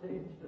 changed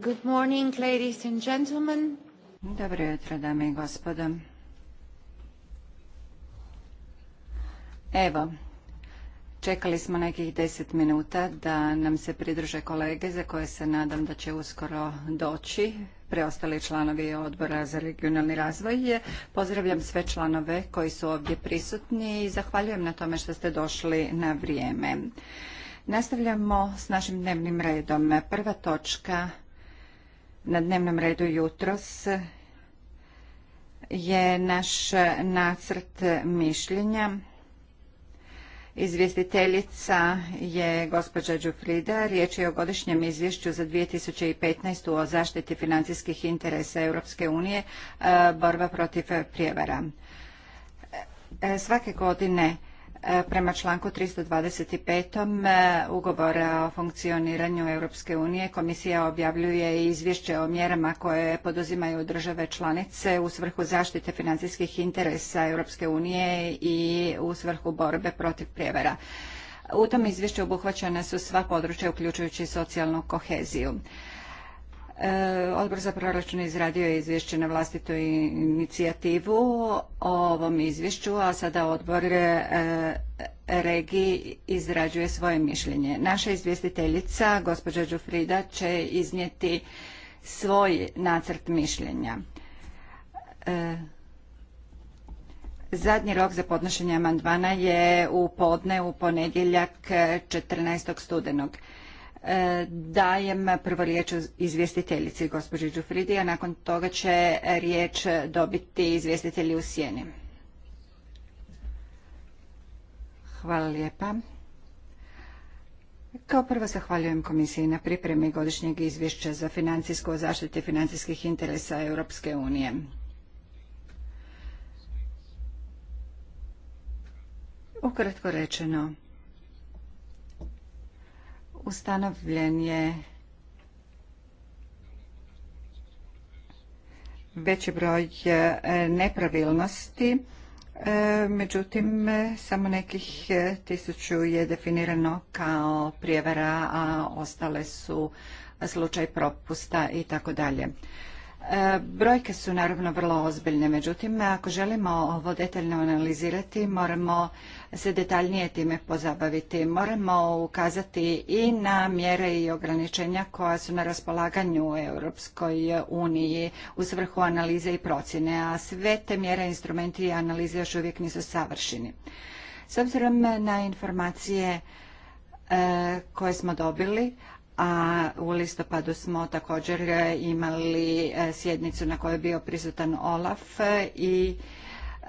Good morning, ladies Dobro jutro, dame i gospodo. Evo, čekali smo nekih deset minuta da nam se pridruže kolege za koje se nadam da će uskoro doći. Preostali članovi odbora za regionalni razvoj. Pozdravljam sve članove koji su ovdje prisutni i zahvaljujem na tome što ste došli na vrijeme. Nastavljamo s našim dnevnim redom. Prva točka na dnevnom redu jutros je naš nacrt mišljenja. Izvjestiteljica je gospođa Đufrida. Riječ je o godišnjem izvješću za 2015. o zaštiti financijskih interesa Europske unije, e, borba protiv prijevara. E, svake godine E, prema članku 325. E, ugovora o funkcioniranju Europske unije komisija objavljuje izvješće o mjerama koje poduzimaju države članice u svrhu zaštite financijskih interesa Europske unije i u svrhu borbe protiv prijevara. U tom izvješću obuhvaćena su sva područja uključujući socijalnu koheziju. E, odbor za proračun izradio je izvješće na vlastitu inicijativu o ovom izvješću, a sada odbor e, regiji izrađuje svoje mišljenje. Naša izvjestiteljica, gospođa Đufrida, će iznijeti svoj nacrt mišljenja. E, zadnji rok za podnošenje amandmana je u podne u ponedjeljak 14. studenog. E, dajem prvo riječ izvjestiteljici gospođi Đufridi, a nakon toga će riječ dobiti izvjestitelji u sjeni. Hvala lijepa. Kao prvo zahvaljujem komisiji na pripremi godišnjeg izvješća za financijsko zaštite financijskih interesa Europske unije. Ukratko rečeno, ustanovljen je veći broj e, nepravilnosti, e, međutim samo nekih e, tisuću je definirano kao prijevara, a ostale su slučaj propusta i tako dalje. Brojke su naravno vrlo ozbiljne, međutim ako želimo ovo detaljno analizirati moramo se detaljnije time pozabaviti. Moramo ukazati i na mjere i ograničenja koja su na raspolaganju u Europskoj uniji u svrhu analize i procjene, a sve te mjere, instrumenti i analize još uvijek nisu savršeni. S obzirom na informacije e, koje smo dobili, a u listopadu smo također imali e, sjednicu na kojoj je bio prisutan Olaf i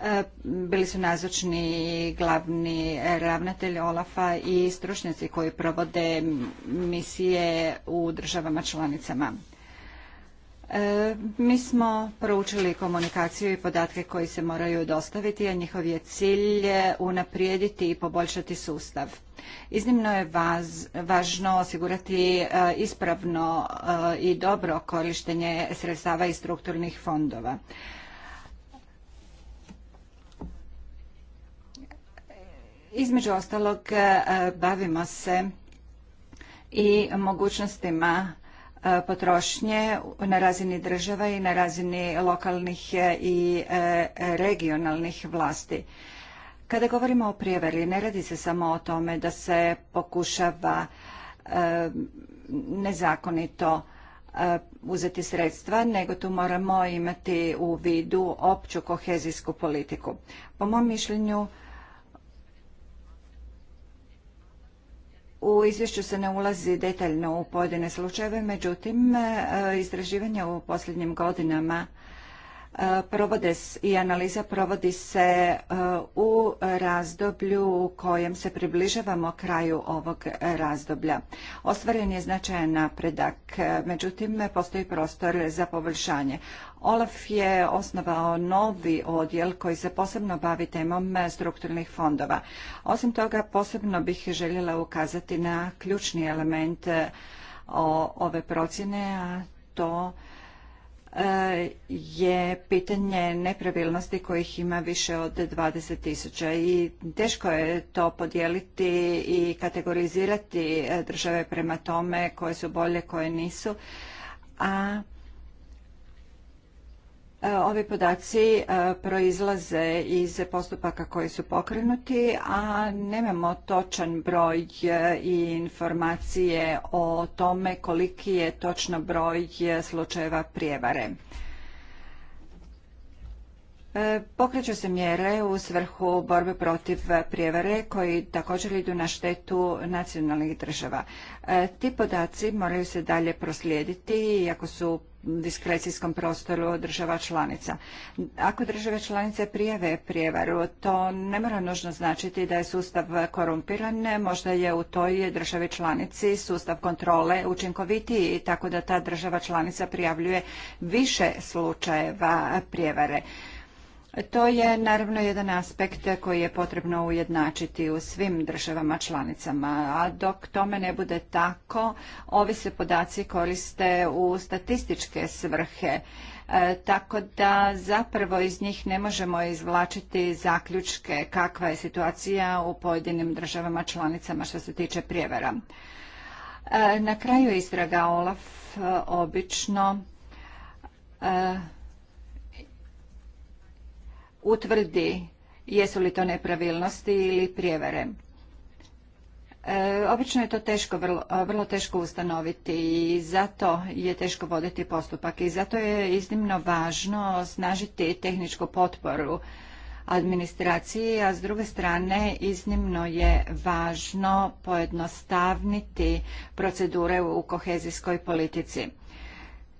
E, bili su nazočni glavni ravnatelj Olafa i stručnjaci koji provode misije u državama članicama. E, mi smo proučili komunikaciju i podatke koji se moraju dostaviti, a njihov je cilj unaprijediti i poboljšati sustav. Iznimno je važno osigurati e, ispravno i dobro korištenje sredstava i strukturnih fondova. Između ostalog e, bavimo se i mogućnostima e, potrošnje na razini država i na razini lokalnih e, i regionalnih vlasti. Kada govorimo o prijevari, ne radi se samo o tome da se pokušava nezakonito uzeti sredstva, nego tu moramo imati u vidu opću kohezijsku politiku. Po mom mišljenju, U izvješću se ne ulazi detaljno u pojedine slučajeve, međutim, e, istraživanja u posljednjim godinama E, provode i analiza provodi se e, u razdoblju u kojem se približavamo kraju ovog razdoblja. Ostvaren je značajan napredak, e, međutim postoji prostor za poboljšanje. Olaf je osnovao novi odjel koji se posebno bavi temom strukturnih fondova. Osim toga posebno bih željela ukazati na ključni element ove procjene, a to E, je pitanje nepravilnosti kojih ima više od 20 tisuća i teško je to podijeliti i kategorizirati e, države prema tome koje su bolje, koje nisu. A E, ovi podaci e, proizlaze iz postupaka koji su pokrenuti, a nemamo točan broj e, i informacije o tome koliki je točno broj slučajeva prijevare. Pokreću se mjere u svrhu borbe protiv prijevare koji također idu na štetu nacionalnih država. Ti podaci moraju se dalje proslijediti, ako su diskrecijskom prostoru država članica. Ako države članice prijave prijevaru, to ne mora nužno značiti da je sustav korumpiran, možda je u toj državi članici sustav kontrole učinkovitiji, tako da ta država članica prijavljuje više slučajeva prijevare. To je naravno jedan aspekt koji je potrebno ujednačiti u svim državama članicama, a dok tome ne bude tako, ovi se podaci koriste u statističke svrhe, e, tako da zapravo iz njih ne možemo izvlačiti zaključke kakva je situacija u pojedinim državama članicama što se tiče prijevara. E, na kraju istraga Olaf e, obično utvrdi jesu li to nepravilnosti ili prijevare. E, obično je to teško, vrlo, vrlo teško ustanoviti i zato je teško voditi postupak i zato je iznimno važno snažiti tehničku potporu administraciji, a s druge strane iznimno je važno pojednostavniti procedure u kohezijskoj politici.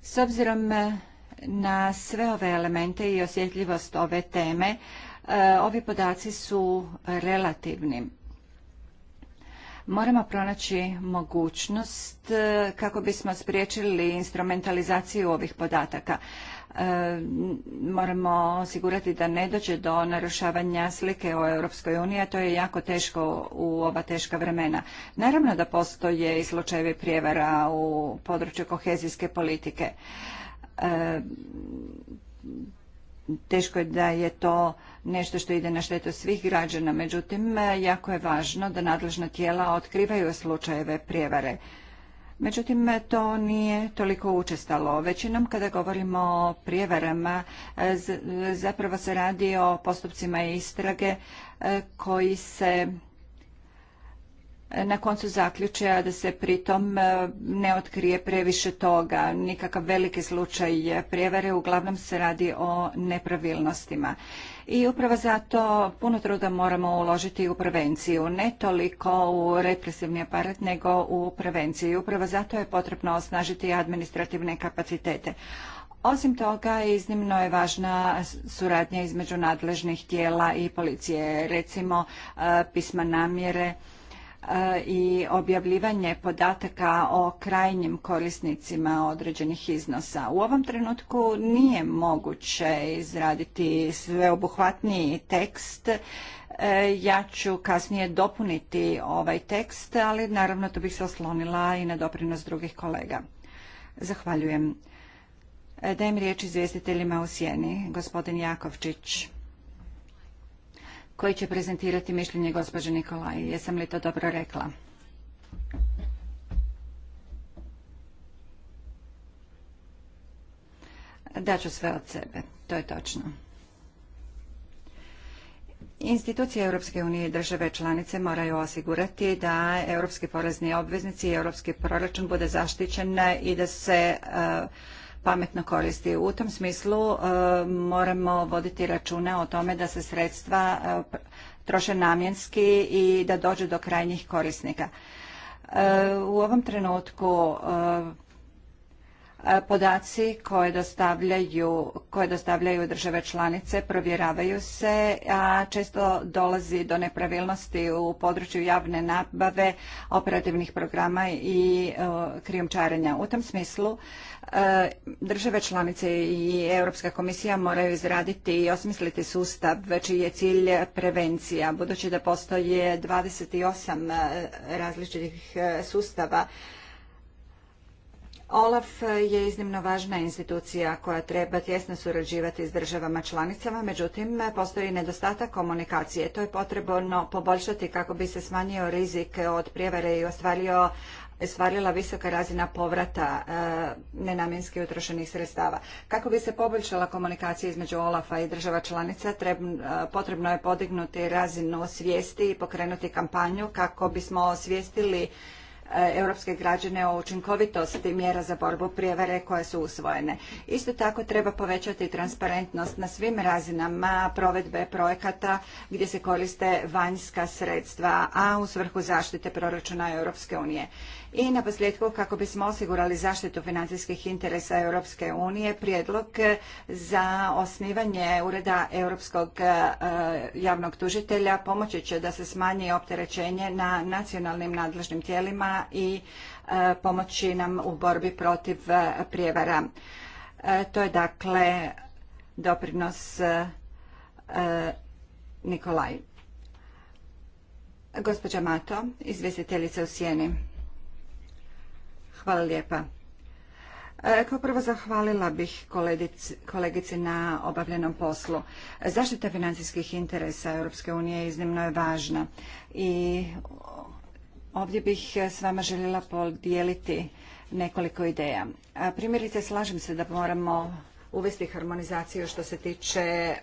S obzirom e, na sve ove elemente i osjetljivost ove teme, e, ovi podaci su relativni. Moramo pronaći mogućnost e, kako bismo spriječili instrumentalizaciju ovih podataka. E, moramo osigurati da ne dođe do narušavanja slike o Europskoj uniji, a to je jako teško u ova teška vremena. Naravno da postoje i slučajevi prijevara u području kohezijske politike teško je da je to nešto što ide na štetu svih građana, međutim jako je važno da nadležna tijela otkrivaju slučajeve prijevare. Međutim, to nije toliko učestalo. Većinom kada govorimo o prijevarama, zapravo se radi o postupcima istrage e, koji se na koncu zaključaja da se pritom e, ne otkrije previše toga, nikakav veliki slučaj prijevare, uglavnom se radi o nepravilnostima. I upravo zato puno truda moramo uložiti u prevenciju, ne toliko u represivni aparat nego u prevenciju. Upravo zato je potrebno osnažiti administrativne kapacitete. Osim toga, iznimno je važna suradnja između nadležnih tijela i policije, recimo e, pisma namjere, E, i objavljivanje podataka o krajnjim korisnicima određenih iznosa. U ovom trenutku nije moguće izraditi sveobuhvatniji tekst. E, ja ću kasnije dopuniti ovaj tekst, ali naravno to bih se oslonila i na doprinos drugih kolega. Zahvaljujem. E, dajem riječ izvjestiteljima u sjeni. Gospodin Jakovčić koji će prezentirati mišljenje gospođe Nikolaj. Jesam li to dobro rekla? Daću sve od sebe, to je točno. Institucije Europske unije i države članice moraju osigurati da europski porezni obveznici i europski proračun bude zaštićen i da se e, pametno koristi. U tom smislu e, moramo voditi računa o tome da se sredstva e, troše namjenski i da dođu do krajnjih korisnika. E, u ovom trenutku Podaci koje dostavljaju, koje dostavljaju države članice provjeravaju se, a često dolazi do nepravilnosti u području javne nabave, operativnih programa i krijumčarenja. U tom smislu e, države članice i Europska komisija moraju izraditi i osmisliti sustav čiji je cilj prevencija. Budući da postoje 28 e, različitih e, sustava Olaf je iznimno važna institucija koja treba tjesno surađivati s državama članicama, međutim postoji nedostatak komunikacije. To je potrebno poboljšati kako bi se smanjio rizik od prijevare i ostvarila visoka razina povrata e, nenamjenski utrošenih sredstava. Kako bi se poboljšala komunikacija između OLAF-a i država članica, e, potrebno je podignuti razinu svijesti i pokrenuti kampanju kako bismo osvijestili E, europske građane o učinkovitosti mjera za borbu prijevare koje su usvojene. Isto tako treba povećati transparentnost na svim razinama provedbe projekata gdje se koriste vanjska sredstva, a u svrhu zaštite proračuna Europske unije. I na posljedku, kako bismo osigurali zaštitu financijskih interesa Europske unije, prijedlog eh, za osnivanje Ureda Europskog eh, eh, javnog tužitelja pomoći će da se smanji opterećenje na nacionalnim nadležnim tijelima i pomoći nam u borbi protiv prijevara. To je dakle doprinos Nikolaj. Gospođa Mato, izvjestiteljica u Sjeni. Hvala lijepa. E, kao prvo zahvalila bih kolegici, na obavljenom poslu. Zaštita financijskih interesa Europske unije iznimno je važna i ovdje bih s vama željela podijeliti nekoliko ideja. Primjerice, slažem se da moramo uvesti harmonizaciju što se tiče e,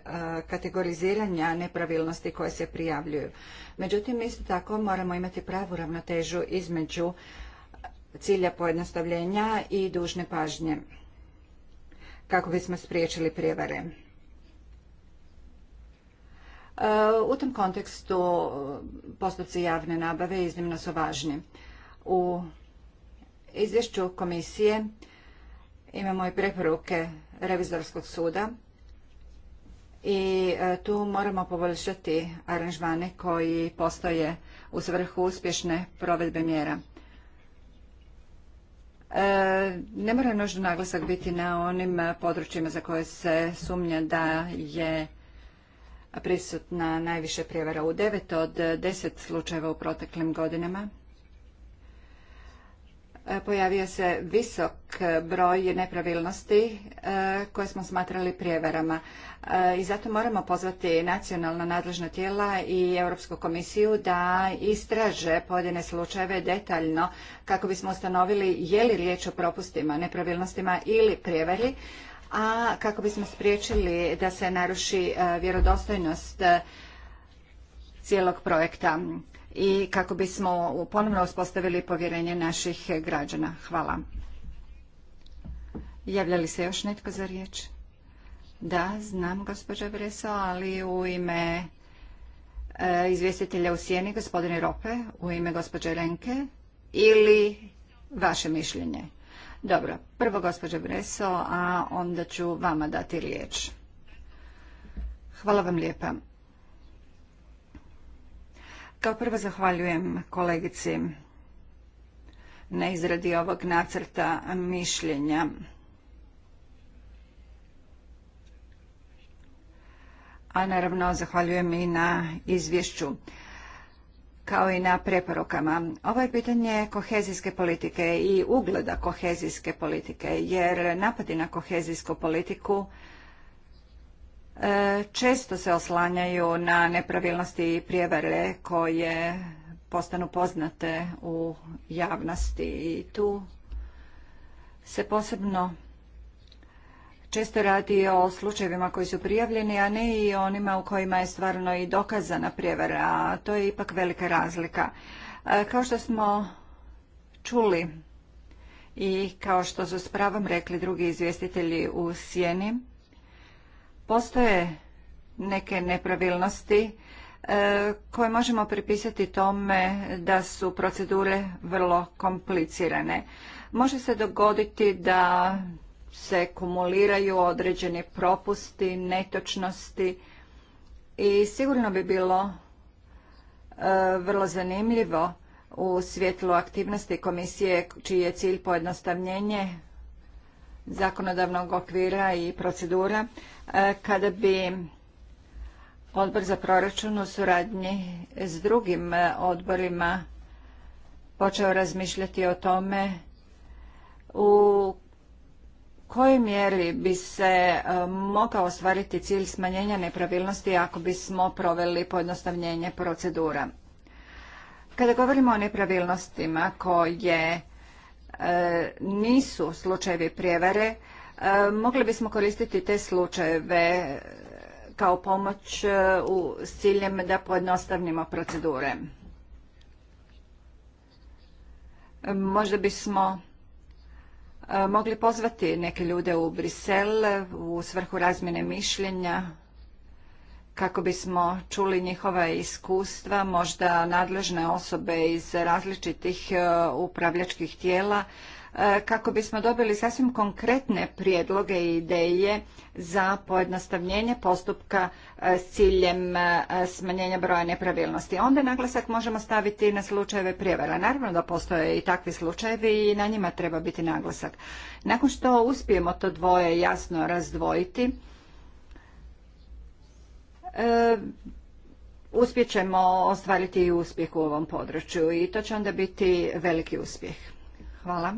kategoriziranja nepravilnosti koje se prijavljuju. Međutim, isto tako moramo imati pravu ravnotežu između cilja pojednostavljenja i dužne pažnje kako bismo spriječili prijevare. E, u tom kontekstu postupci javne nabave iznimno su važni. U izvješću komisije imamo i preporuke revizorskog suda i e, tu moramo poboljšati aranžmane koji postoje u svrhu uspješne provedbe mjera. E, ne mora nužno naglasak biti na onim e, područjima za koje se sumnja da je prisutna najviše prijevara. U devet od deset slučajeva u proteklim godinama E, pojavio se visok broj nepravilnosti e, koje smo smatrali prijevarama. E, I zato moramo pozvati nacionalna nadležna tijela i Europsku komisiju da istraže pojedine slučajeve detaljno kako bismo ustanovili je li riječ o propustima, nepravilnostima ili prijevari, a kako bismo spriječili da se naruši vjerodostojnost cijelog projekta i kako bismo ponovno uspostavili povjerenje naših građana. Hvala. Javlja li se još netko za riječ? Da, znam gospođa Breso, ali u ime e, izvjestitelja u Sijeni, gospodine Rope, u ime gospođe Renke ili vaše mišljenje. Dobro, prvo gospođa Breso, a onda ću vama dati riječ. Hvala vam lijepa. Kao prvo zahvaljujem kolegici na izradi ovog nacrta mišljenja. A naravno zahvaljujem i na izvješću kao i na preporukama. Ovo je pitanje kohezijske politike i ugleda kohezijske politike, jer napadi na kohezijsku politiku E, često se oslanjaju na nepravilnosti i prijevare koje postanu poznate u javnosti i tu se posebno često radi o slučajevima koji su prijavljeni, a ne i onima u kojima je stvarno i dokazana prijevara, a to je ipak velika razlika. E, kao što smo čuli i kao što su s pravom rekli drugi izvjestitelji u Sjeni, Postoje neke nepravilnosti e, koje možemo pripisati tome da su procedure vrlo komplicirane. Može se dogoditi da se kumuliraju određeni propusti, netočnosti i sigurno bi bilo e, vrlo zanimljivo u svjetlu aktivnosti komisije čiji je cilj pojednostavljenje zakonodavnog okvira i procedura E, kada bi odbor za proračun u suradnji s drugim e, odborima počeo razmišljati o tome u kojoj mjeri bi se e, mogao ostvariti cilj smanjenja nepravilnosti ako bismo proveli pojednostavljenje procedura. Kada govorimo o nepravilnostima koje nisu slučajevi prijevare, E, mogli bismo koristiti te slučajeve e, kao pomoć e, u, s ciljem da pojednostavnimo procedure. Možda bismo mogli pozvati neke ljude u Brisel u svrhu razmjene mišljenja kako bismo čuli njihova iskustva, možda nadležne osobe iz različitih e, upravljačkih tijela, e, kako bismo dobili sasvim konkretne prijedloge i ideje za pojednostavljenje postupka e, s ciljem smanjenja broja nepravilnosti. Onda naglasak možemo staviti na slučajeve prijevara. Naravno da postoje i takvi slučajevi i na njima treba biti naglasak. Nakon što uspijemo to dvoje jasno razdvojiti, E, ćemo ostvariti i uspjeh u ovom području i to će onda biti veliki uspjeh. Hvala.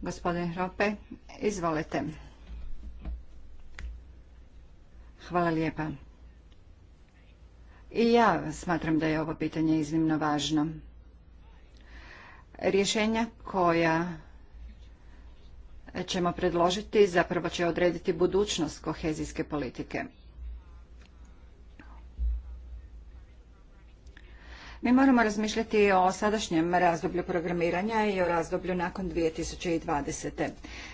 Gospodin Hrope. izvolite. Hvala lijepa. I ja smatram da je ovo pitanje iznimno važno. Rješenja koja ćemo predložiti zapravo će odrediti budućnost kohezijske politike. Mi moramo razmišljati o sadašnjem razdoblju programiranja i o razdoblju nakon 2020.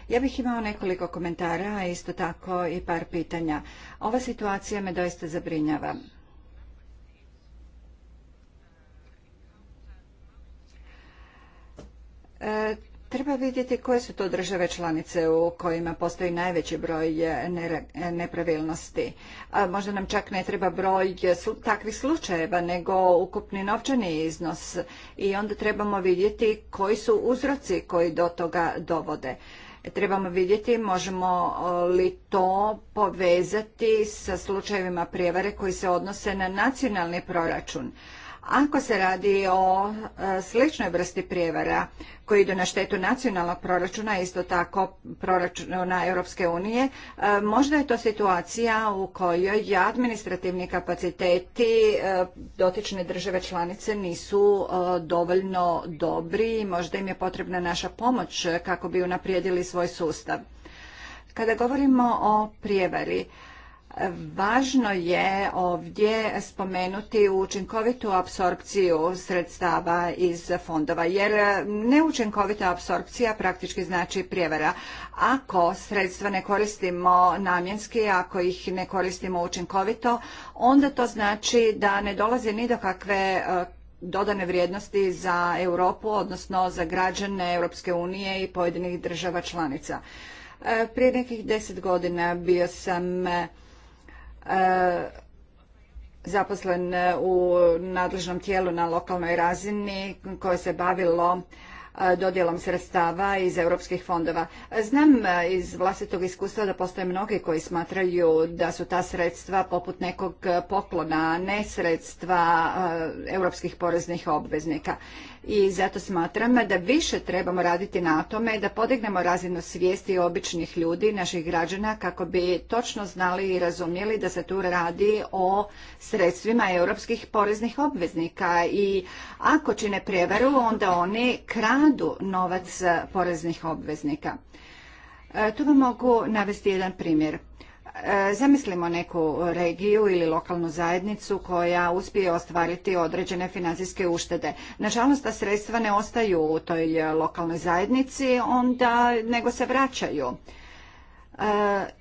Ja bih imao nekoliko komentara, a isto tako i par pitanja. Ova situacija me doista zabrinjava. E, Treba vidjeti koje su to države članice u kojima postoji najveći broj e, e, nepravilnosti. Možda nam čak ne treba broj e, takvih slučajeva, nego ukupni novčani iznos i onda trebamo vidjeti koji su uzroci koji do toga dovode. Trebamo vidjeti možemo li to povezati sa slučajevima prijevare koji se odnose na nacionalni proračun ako se radi o e, sličnoj vrsti prijevara koji idu na štetu nacionalnog proračuna, isto tako proračuna Europske unije, e, možda je to situacija u kojoj administrativni kapaciteti e, dotične države članice nisu dovoljno dobri i možda im je potrebna naša pomoć kako bi unaprijedili svoj sustav. Kada govorimo o prijevari, Važno je ovdje spomenuti učinkovitu apsorpciju sredstava iz fondova, jer neučinkovita apsorpcija praktički znači prijevara. Ako sredstva ne koristimo namjenski, ako ih ne koristimo učinkovito, onda to znači da ne dolazi ni do kakve e, dodane vrijednosti za Europu, odnosno za građane Europske unije i pojedinih država članica. E, prije nekih deset godina bio sam E, zaposlen u nadležnom tijelu na lokalnoj razini koje se bavilo e, dodjelom sredstava iz europskih fondova. Znam e, iz vlastitog iskustva da postoje mnogi koji smatraju da su ta sredstva poput nekog poklona, a ne sredstva europskih poreznih obveznika i zato smatram da više trebamo raditi na tome da podignemo razinu svijesti običnih ljudi, naših građana, kako bi točno znali i razumjeli da se tu radi o sredstvima europskih poreznih obveznika i ako čine prevaru, onda oni kradu novac poreznih obveznika. E, tu vam mogu navesti jedan primjer. E, zamislimo neku regiju ili lokalnu zajednicu koja uspije ostvariti određene financijske uštede. Nažalost, ta sredstva ne ostaju u toj lokalnoj zajednici, onda nego se vraćaju. E,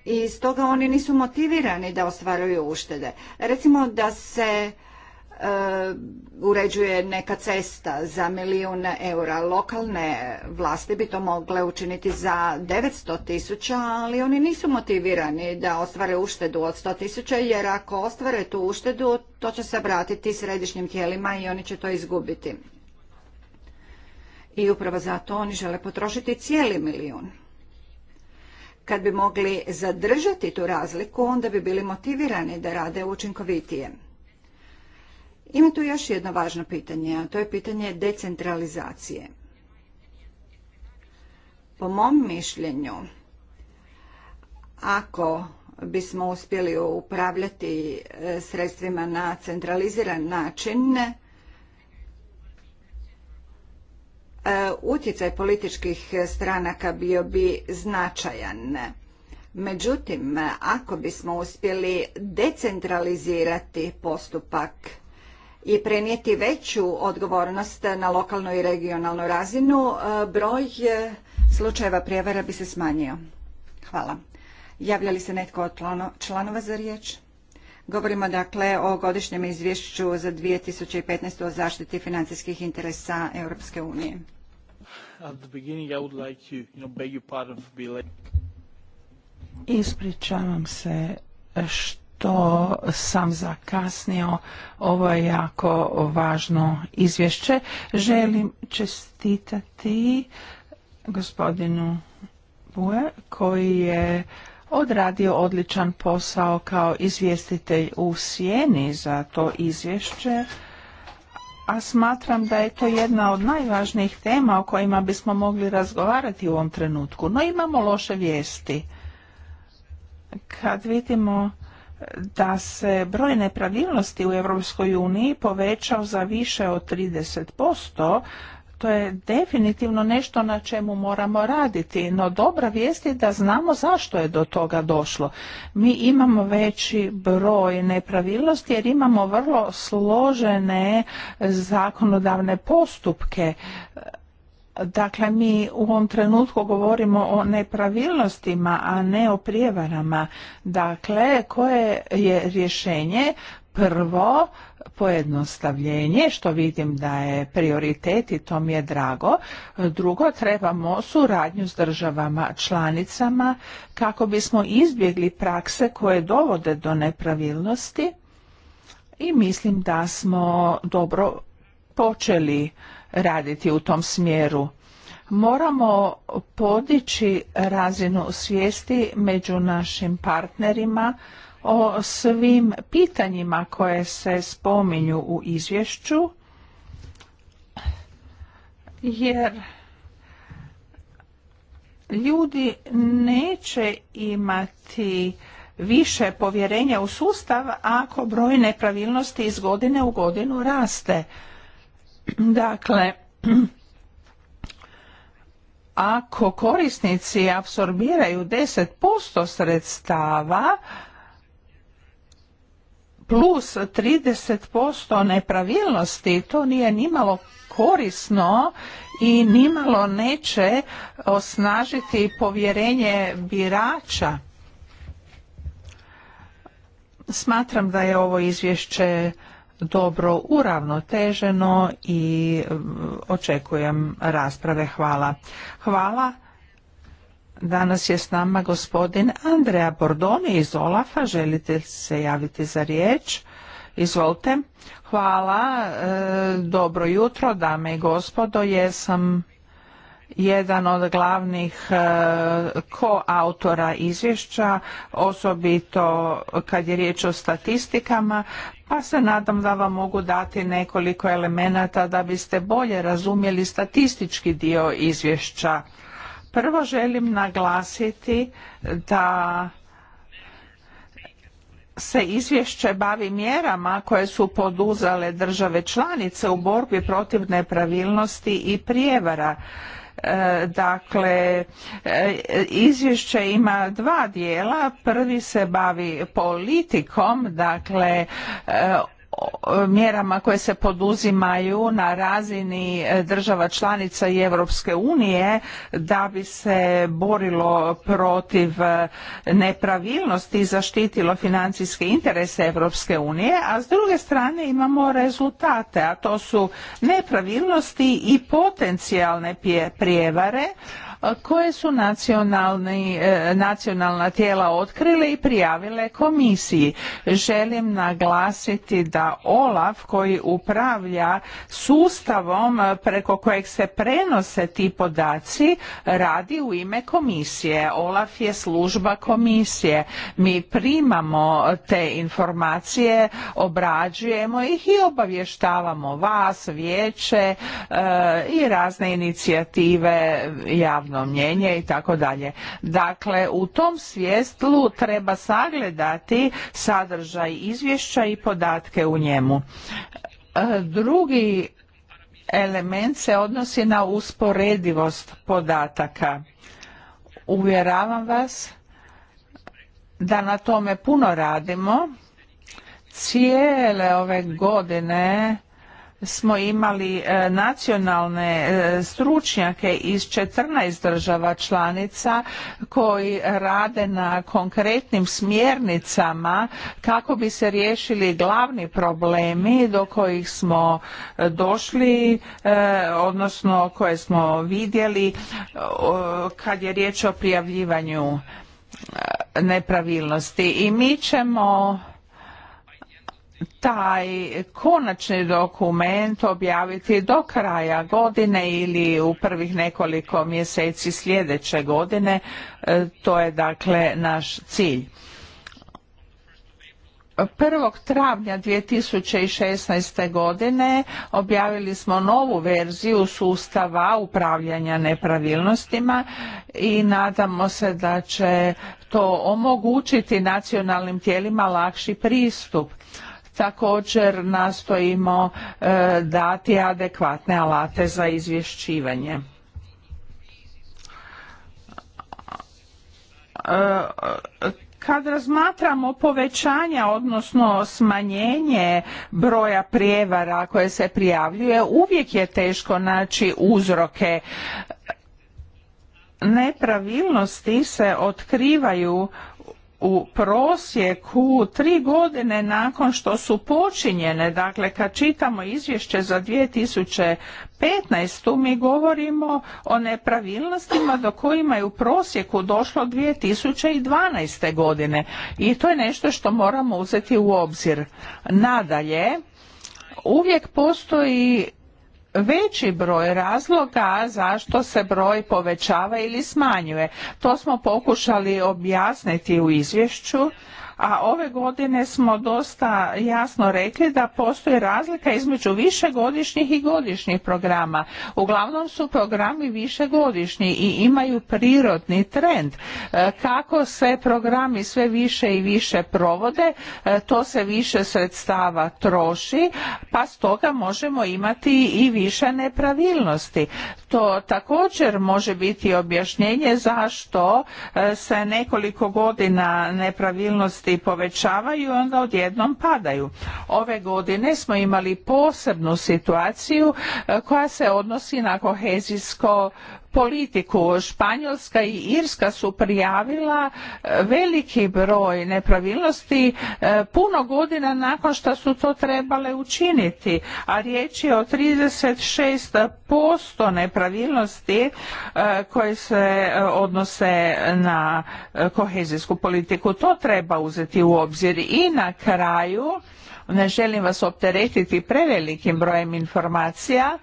I stoga oni nisu motivirani da ostvaruju uštede. Recimo da se E, uređuje neka cesta za milijun eura. Lokalne vlasti bi to mogle učiniti za 900 tisuća, ali oni nisu motivirani da ostvare uštedu od 100 tisuća, jer ako ostvare tu uštedu, to će se vratiti središnjim tijelima i oni će to izgubiti. I upravo zato oni žele potrošiti cijeli milijun. Kad bi mogli zadržati tu razliku, onda bi bili motivirani da rade učinkovitije. Ima tu još jedno važno pitanje, a to je pitanje decentralizacije. Po mom mišljenju, ako bismo uspjeli upravljati e, sredstvima na centraliziran način, e, utjecaj političkih stranaka bio bi značajan. Međutim, ako bismo uspjeli decentralizirati postupak i prenijeti veću odgovornost na lokalnu i regionalnu razinu, e, broj slučajeva prijevara bi se smanjio. Hvala. Javlja li se netko od članova za riječ? Govorimo dakle o godišnjem izvješću za 2015. o zaštiti financijskih interesa Europske unije. Ispričavam se što to sam zakasnio. Ovo je jako važno izvješće. Želim čestitati gospodinu Bue koji je odradio odličan posao kao izvjestitelj u sjeni za to izvješće a smatram da je to jedna od najvažnijih tema o kojima bismo mogli razgovarati u ovom trenutku. No imamo loše vijesti. Kad vidimo da se broj nepravilnosti u Europskoj uniji povećao za više od 30%, to je definitivno nešto na čemu moramo raditi, no dobra vijest je da znamo zašto je do toga došlo. Mi imamo veći broj nepravilnosti jer imamo vrlo složene zakonodavne postupke Dakle, mi u ovom trenutku govorimo o nepravilnostima, a ne o prijevarama. Dakle, koje je rješenje? Prvo, pojednostavljenje, što vidim da je prioritet i to mi je drago. Drugo, trebamo suradnju s državama članicama kako bismo izbjegli prakse koje dovode do nepravilnosti i mislim da smo dobro počeli raditi u tom smjeru. Moramo podići razinu svijesti među našim partnerima o svim pitanjima koje se spominju u izvješću jer ljudi neće imati više povjerenja u sustav ako broj nepravilnosti iz godine u godinu raste. Dakle, ako korisnici apsorbiraju 10% sredstava plus 30% nepravilnosti, to nije nimalo korisno i nimalo neće osnažiti povjerenje birača. Smatram da je ovo izvješće dobro uravnoteženo i očekujem rasprave. Hvala. Hvala. Danas je s nama gospodin Andreja Bordoni iz Olafa. Želite se javiti za riječ? Izvolite. Hvala. E, dobro jutro, dame i gospodo. Jesam jedan od glavnih e, koautora izvješća, osobito kad je riječ o statistikama, pa se nadam da vam mogu dati nekoliko elemenata da biste bolje razumjeli statistički dio izvješća. Prvo želim naglasiti da se izvješće bavi mjerama koje su poduzale države članice u borbi protiv nepravilnosti i prijevara E, dakle, e, izvješće ima dva dijela. Prvi se bavi politikom, dakle e, mjerama koje se poduzimaju na razini e, država članica i Europske unije da bi se borilo protiv e, nepravilnosti i zaštitilo financijske interese Europske unije, a s druge strane imamo rezultate, a to su nepravilnosti i potencijalne prijevare koje su e, nacionalna tijela otkrile i prijavile komisiji. Želim naglasiti da OLAF koji upravlja sustavom e, preko kojeg se prenose ti podaci radi u ime komisije. OLAF je služba komisije. Mi primamo te informacije, obrađujemo ih i obavještavamo vas, vijeće e, i razne inicijative javne javno i tako dalje. Dakle, u tom svijestlu treba sagledati sadržaj izvješća i podatke u njemu. E, drugi element se odnosi na usporedivost podataka. Uvjeravam vas da na tome puno radimo. Cijele ove godine smo imali e, nacionalne e, stručnjake iz 14 država članica koji rade na konkretnim smjernicama kako bi se riješili glavni problemi do kojih smo e, došli, odnosno koje smo vidjeli kad je riječ o prijavljivanju nepravilnosti. I mi ćemo taj konačni dokument objaviti do kraja godine ili u prvih nekoliko mjeseci sljedeće godine. E, to je dakle naš cilj. 1. travnja 2016. godine objavili smo novu verziju sustava upravljanja nepravilnostima i nadamo se da će to omogućiti nacionalnim tijelima lakši pristup Također nastojimo e, dati adekvatne alate za izvješćivanje. E, kad razmatramo povećanja, odnosno smanjenje broja prijevara koje se prijavljuje, uvijek je teško naći uzroke. Nepravilnosti se otkrivaju u prosjeku tri godine nakon što su počinjene, dakle kad čitamo izvješće za 2015. mi govorimo o nepravilnostima do kojima je u prosjeku došlo 2012. godine i to je nešto što moramo uzeti u obzir. Nadalje, uvijek postoji veći broj razloga zašto se broj povećava ili smanjuje. To smo pokušali objasniti u izvješću a ove godine smo dosta jasno rekli da postoji razlika između višegodišnjih i godišnjih programa. Uglavnom su programi višegodišnji i imaju prirodni trend. E, kako se programi sve više i više provode, e, to se više sredstava troši, pa stoga možemo imati i više nepravilnosti. To također može biti objašnjenje zašto e, se nekoliko godina nepravilnosti i povećavaju i onda odjednom padaju. Ove godine smo imali posebnu situaciju e, koja se odnosi na kohezijsko politiku. Španjolska i Irska su prijavila e, veliki broj nepravilnosti e, puno godina nakon što su to trebale učiniti, a riječ je o 36% nepravilnosti e, koje se odnose na kohezijsku politiku. To treba uzeti u obzir i na kraju ne želim vas opteretiti prevelikim brojem informacija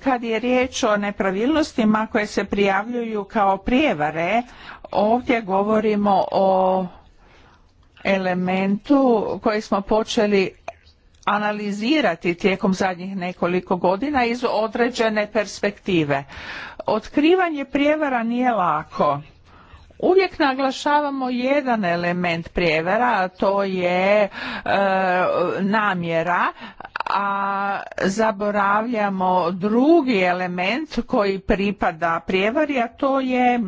kad je riječ o nepravilnostima koje se prijavljuju kao prijevare, ovdje govorimo o elementu koji smo počeli analizirati tijekom zadnjih nekoliko godina iz određene perspektive. Otkrivanje prijevara nije lako. Uvijek naglašavamo jedan element prijevara, a to je e, namjera, a zaboravljamo drugi element koji pripada prijevari, a to je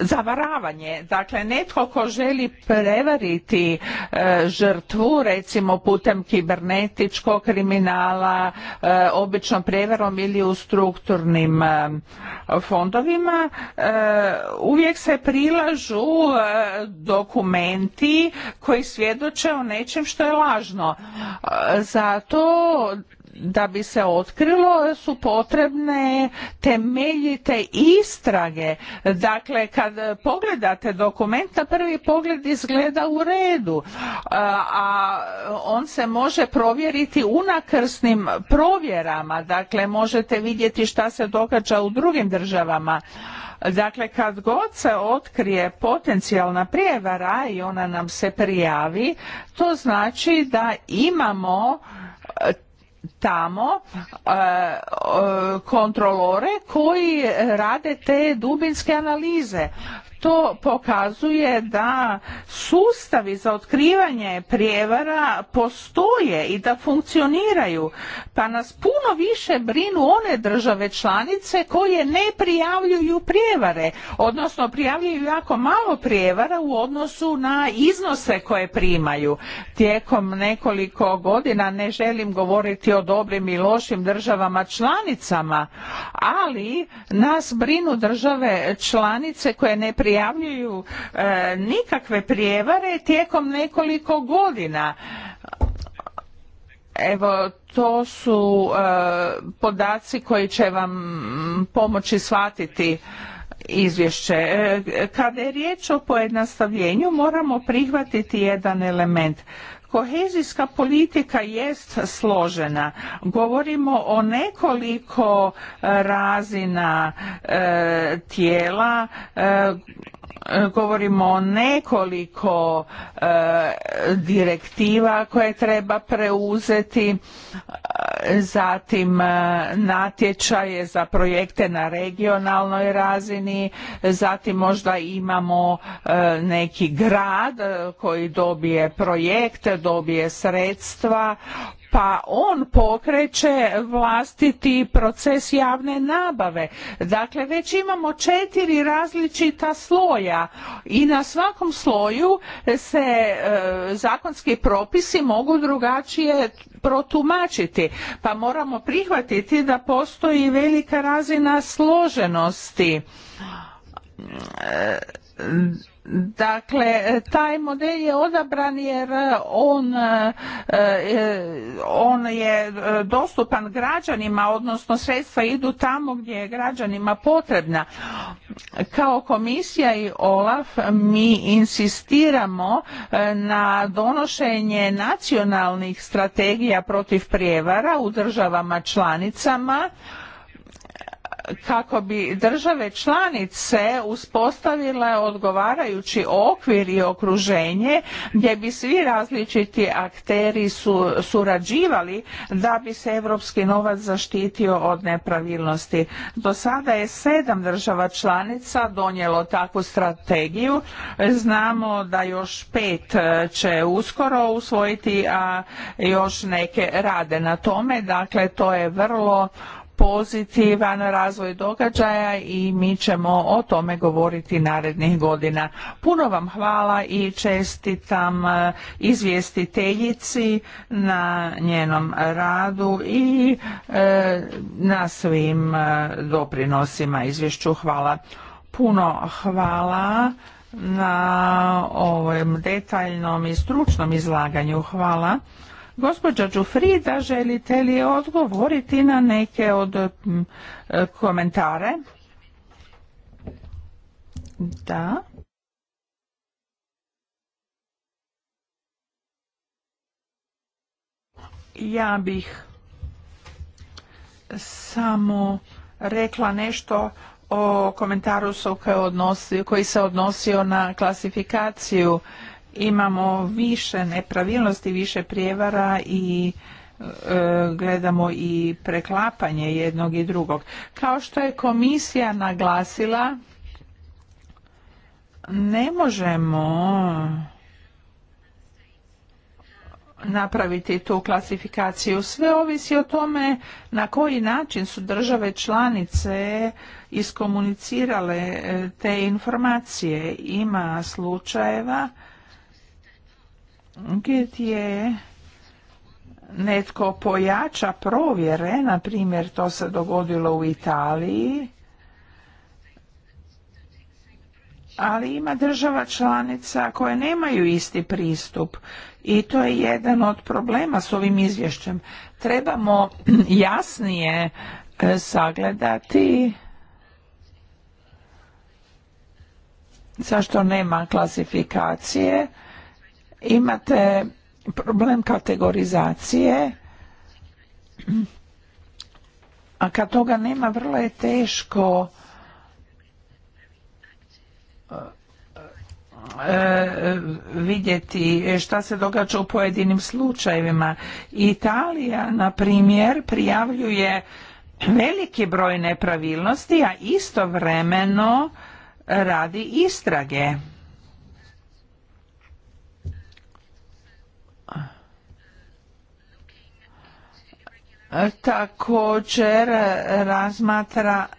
zavaravanje. Dakle, netko tko želi prevariti e, žrtvu, recimo putem kibernetičkog kriminala, e, običnom prevarom ili u strukturnim e, fondovima, uvijek se prilažu dokumenti koji svjedoče o nečem što je lažno. Zato da bi se otkrilo su potrebne temeljite istrage. Dakle, kad pogledate dokument na prvi pogled izgleda u redu, a on se može provjeriti unakrsnim provjerama. Dakle, možete vidjeti šta se događa u drugim državama. Dakle, kad god se otkrije potencijalna prijevara i ona nam se prijavi, to znači da imamo tamo e, kontrolore koji rade te dubinske analize to pokazuje da sustavi za otkrivanje prijevara postoje i da funkcioniraju pa nas puno više brinu one države članice koje ne prijavljuju prijevare odnosno prijavljuju jako malo prijevara u odnosu na iznose koje primaju tijekom nekoliko godina ne želim govoriti o dobrim i lošim državama članicama ali nas brinu države članice koje ne prijavljuju prijavljuju e, nikakve prijevare tijekom nekoliko godina. Evo, to su e, podaci koji će vam pomoći shvatiti izvješće. E, kada je riječ o pojednostavljenju moramo prihvatiti jedan element. Kohezijska politika jest složena. Govorimo o nekoliko e, razina e, tijela e, E, govorimo o nekoliko e, direktiva koje treba preuzeti e, zatim natječaje za projekte na regionalnoj razini zatim možda imamo neki grad koji dobije projekt dobije sredstva pa on pokreće vlastiti proces javne nabave. Dakle, već imamo četiri različita sloja i na svakom sloju se e, zakonski propisi mogu drugačije protumačiti, pa moramo prihvatiti da postoji velika razina složenosti. E, Dakle, taj model je odabran jer on, e, e, on je dostupan građanima, odnosno sredstva idu tamo gdje je građanima potrebna. Kao komisija i OLAF mi insistiramo e, na donošenje nacionalnih strategija protiv prijevara u državama članicama, kako bi države članice uspostavile odgovarajući okvir i okruženje gdje bi svi različiti akteri surađivali da bi se europski novac zaštitio od nepravilnosti. Do sada je sedam država članica donijelo takvu strategiju. Znamo da još pet e, će uskoro usvojiti, a još neke rade na tome. Dakle, to je vrlo pozitivan razvoj događaja i mi ćemo o tome govoriti narednih godina. Puno vam hvala i čestitam e, izvjestiteljici na njenom radu i e, na svim e, doprinosima izvješću. Hvala. Puno hvala na ovom detaljnom i stručnom izlaganju. Hvala. Gospođa Đufrida, želite li odgovoriti na neke od e, komentare? Da. Ja bih samo rekla nešto o komentaru koji se odnosio na klasifikaciju imamo više nepravilnosti, više prijevara i e, gledamo i preklapanje jednog i drugog. Kao što je komisija naglasila, ne možemo napraviti tu klasifikaciju. Sve ovisi o tome na koji način su države članice iskomunicirale e, te informacije. Ima slučajeva gdje netko pojača provjere, na primjer to se dogodilo u Italiji, ali ima država članica koje nemaju isti pristup i to je jedan od problema s ovim izvješćem. Trebamo jasnije e, sagledati zašto nema klasifikacije imate problem kategorizacije, a kad toga nema vrlo je teško e, vidjeti šta se događa u pojedinim slučajevima. Italija, na primjer, prijavljuje veliki broj nepravilnosti, a istovremeno radi istrage. također e, razmatra e,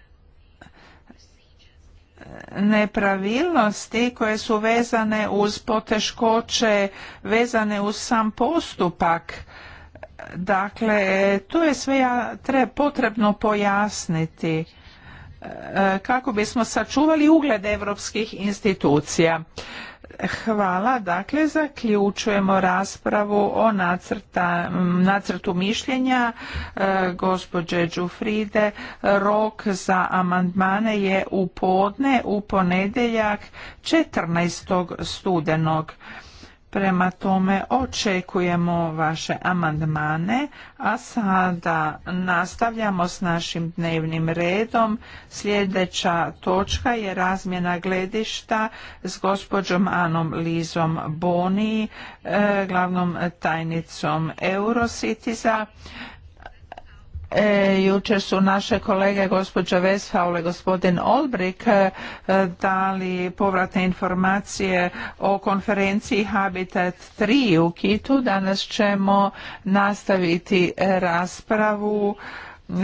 nepravilnosti koje su vezane uz poteškoće, vezane uz sam postupak. Dakle, tu je sve tre, potrebno pojasniti e, kako bismo sačuvali ugled europskih institucija. Hvala. Dakle, zaključujemo raspravu o nacrtu mišljenja e, gospođe Đufride. Rok za amandmane je u podne, u ponedjeljak 14. studenog. Prema tome očekujemo vaše amandmane, a sada nastavljamo s našim dnevnim redom. Sljedeća točka je razmjena gledišta s gospođom Anom Lizom Boni, e, glavnom tajnicom Eurocitiza. E, jučer su naše kolege gospođa Vesfaule, gospodin Olbrik e, dali povratne informacije o konferenciji Habitat 3 u Kitu. Danas ćemo nastaviti raspravu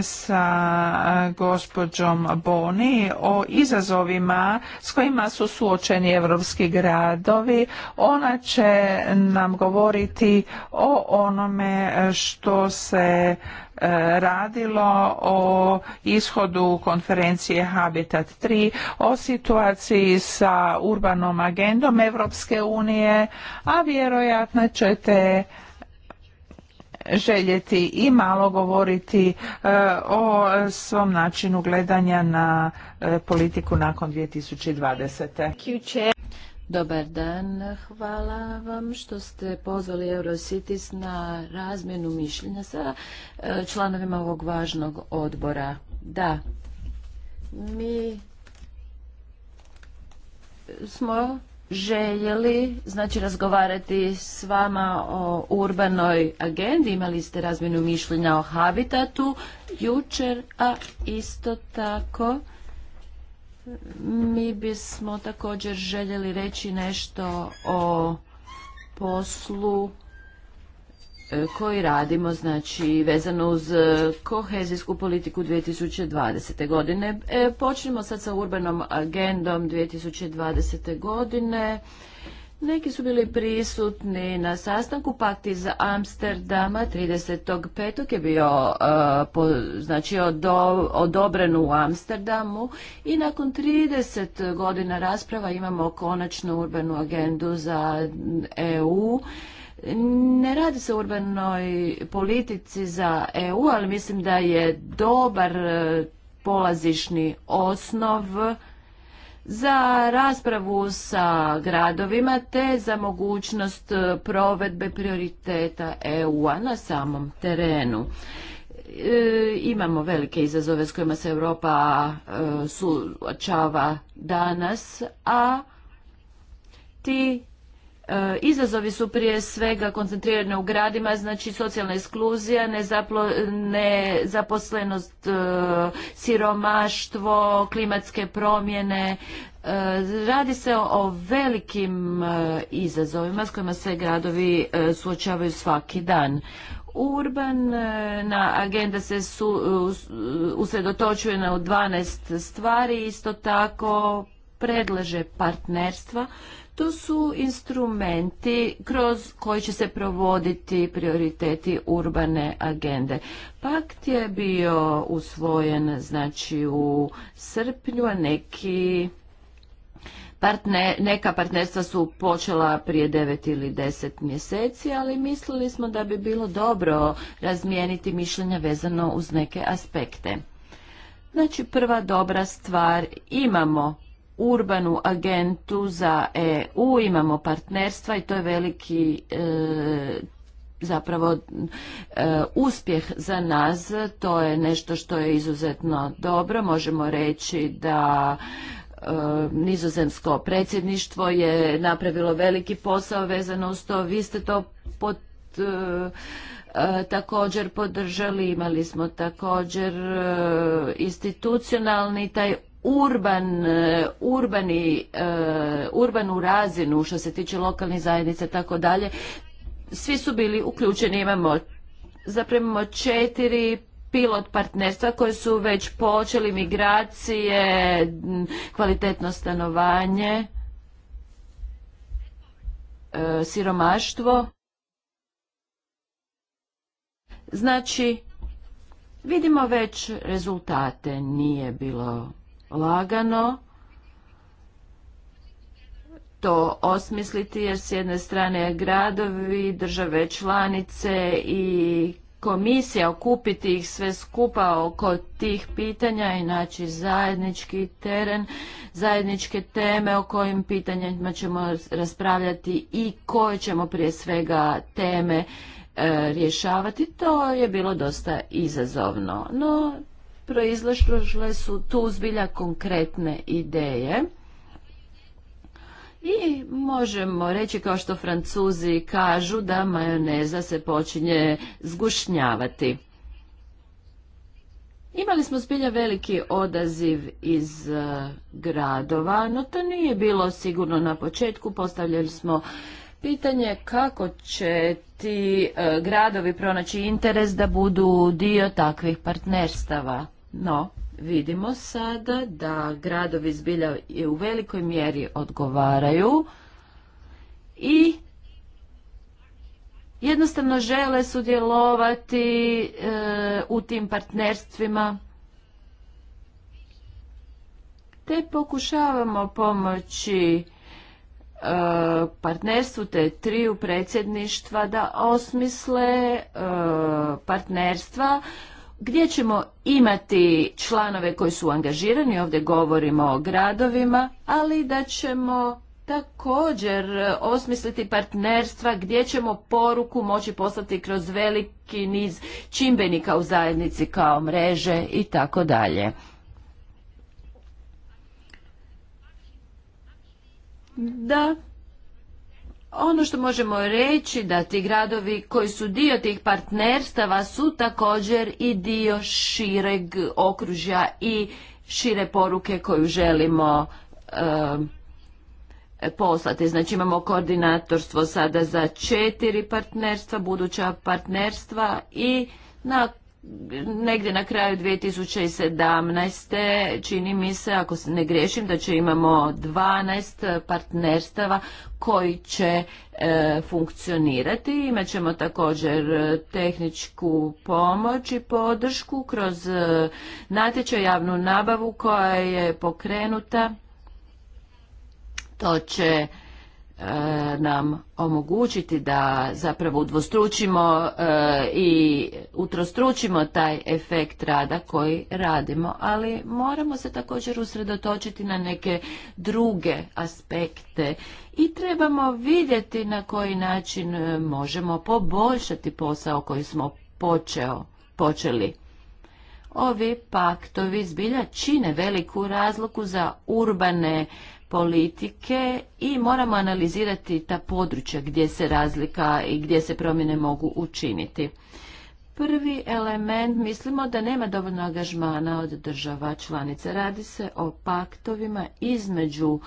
sa gospođom Boni o izazovima s kojima su suočeni evropski gradovi. Ona će nam govoriti o onome što se e, radilo o ishodu konferencije Habitat 3, o situaciji sa urbanom agendom Evropske unije, a vjerojatno ćete željeti i malo govoriti e, o svom načinu gledanja na e, politiku nakon 2020. Dobar dan, hvala vam što ste pozvali Eurocities na razmjenu mišljenja sa e, članovima ovog važnog odbora. Da, mi smo željeli znači razgovarati s vama o urbanoj agendi, imali ste razmjenu mišljenja o habitatu jučer, a isto tako mi bismo također željeli reći nešto o poslu koji radimo, znači vezano uz e, kohezijsku politiku 2020. godine. E, počnemo sad sa urbanom agendom 2020. godine. Neki su bili prisutni na sastanku pakt iz Amsterdama 35. je bio e, znači odo, odobren u Amsterdamu i nakon 30 godina rasprava imamo konačnu urbanu agendu za EU. Ne radi se o urbanoj politici za EU, ali mislim da je dobar e, polazišni osnov za raspravu sa gradovima te za mogućnost e, provedbe prioriteta EU-a na samom terenu. E, imamo velike izazove s kojima se Europa suočava danas, a ti E, izazovi su prije svega koncentrirani u gradima, znači socijalna ekskluzija, nezaposlenost, e, siromaštvo, klimatske promjene. E, radi se o velikim izazovima s kojima se gradovi suočavaju svaki dan. na agenda se usredotočuje na 12 stvari, isto tako predlaže partnerstva to su instrumenti kroz koji će se provoditi prioriteti urbane agende. Pakt je bio usvojen znači u srpnju, a neki Partner, neka partnerstva su počela prije 9 ili 10 mjeseci, ali mislili smo da bi bilo dobro razmijeniti mišljenja vezano uz neke aspekte. Znači prva dobra stvar, imamo urbanu agentu za EU, imamo partnerstva i to je veliki e, zapravo e, uspjeh za nas. To je nešto što je izuzetno dobro. Možemo reći da e, nizozemsko predsjedništvo je napravilo veliki posao vezano uz to. Vi ste to pod također podržali, imali smo također institucionalni taj urban, eh, urbani, eh, urbanu razinu što se tiče lokalnih zajednica i tako dalje. Svi su bili uključeni, imamo zapremimo četiri pilot partnerstva koje su već počeli migracije, kvalitetno stanovanje, eh, siromaštvo. Znači, vidimo već rezultate, nije bilo lagano to osmisliti jer s jedne strane gradovi, države članice i komisija okupiti ih sve skupa oko tih pitanja i naći zajednički teren, zajedničke teme o kojim pitanjima ćemo raspravljati i koje ćemo prije svega teme e, rješavati, to je bilo dosta izazovno. No, proizlašle su tu zbilja konkretne ideje. I možemo reći kao što francuzi kažu da majoneza se počinje zgušnjavati. Imali smo zbilja veliki odaziv iz e, gradova, no to nije bilo sigurno na početku. Postavljali smo pitanje kako će ti e, gradovi pronaći interes da budu dio takvih partnerstava. No, vidimo sada da gradovi zbilja u velikoj mjeri odgovaraju i jednostavno žele sudjelovati e, u tim partnerstvima te pokušavamo pomoći e, partnerstvu te triju predsjedništva da osmisle e, partnerstva gdje ćemo imati članove koji su angažirani, ovdje govorimo o gradovima, ali da ćemo također osmisliti partnerstva gdje ćemo poruku moći poslati kroz veliki niz čimbenika u zajednici kao mreže i tako dalje. Da, ono što možemo reći da ti gradovi koji su dio tih partnerstava su također i dio šireg okružja i šire poruke koju želimo e, poslati. Znači imamo koordinatorstvo sada za četiri partnerstva, buduća partnerstva i na negdje na kraju 2017. čini mi se, ako ne grešim, da će imamo 12 partnerstava koji će e, funkcionirati. funkcionirati. ćemo također e, tehničku pomoć i podršku kroz e, natječaj javnu nabavu koja je pokrenuta. To će E, nam omogućiti da zapravo udvostručimo e, i utrostručimo taj efekt rada koji radimo, ali moramo se također usredotočiti na neke druge aspekte i trebamo vidjeti na koji način e, možemo poboljšati posao koji smo počeo, počeli. Ovi paktovi zbilja čine veliku razliku za urbane politike i moramo analizirati ta područja gdje se razlika i gdje se promjene mogu učiniti. Prvi element, mislimo da nema dovoljno angažmana od država članica. Radi se o paktovima između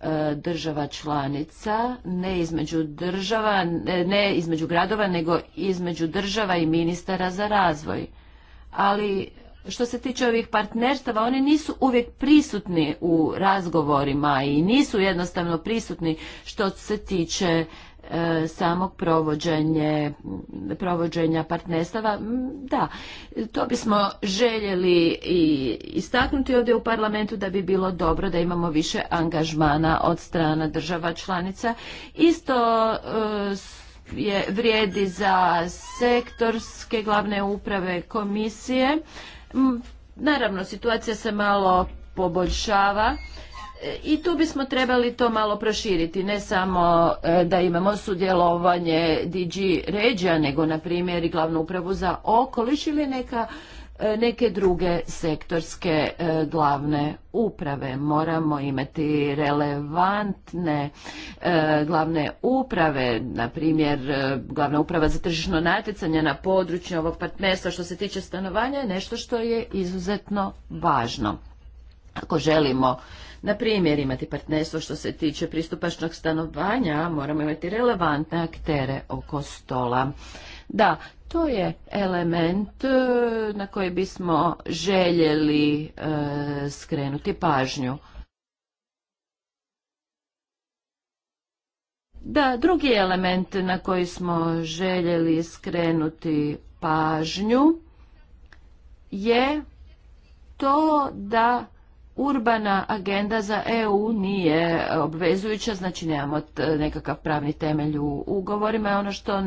e, država članica, ne između država, ne između gradova, nego između država i ministara za razvoj. Ali što se tiče ovih partnerstava, oni nisu uvijek prisutni u razgovorima i nisu jednostavno prisutni što se tiče e, samog provođenje, provođenja partnerstava. Da, to bismo željeli i istaknuti ovdje u parlamentu da bi bilo dobro da imamo više angažmana od strana država članica. Isto e, s vrijedi za sektorske glavne uprave komisije. Naravno, situacija se malo poboljšava e, i tu bismo trebali to malo proširiti, ne samo e, da imamo sudjelovanje DG Ređa, nego na primjer i glavnu upravu za okoliš ili neka E, neke druge sektorske e, glavne uprave. Moramo imati relevantne e, glavne uprave, na primjer glavna uprava za tržišno natjecanje na području ovog partnerstva što se tiče stanovanja je nešto što je izuzetno važno. Ako želimo na primjer, imati partnerstvo što se tiče pristupačnog stanovanja, moramo imati relevantne aktere oko stola. Da, to je element e, na koji bismo željeli e, skrenuti pažnju. Da, drugi element na koji smo željeli skrenuti pažnju je to da urbana agenda za EU nije obvezujuća, znači nemamo nekakav pravni temelj u ugovorima. Ono što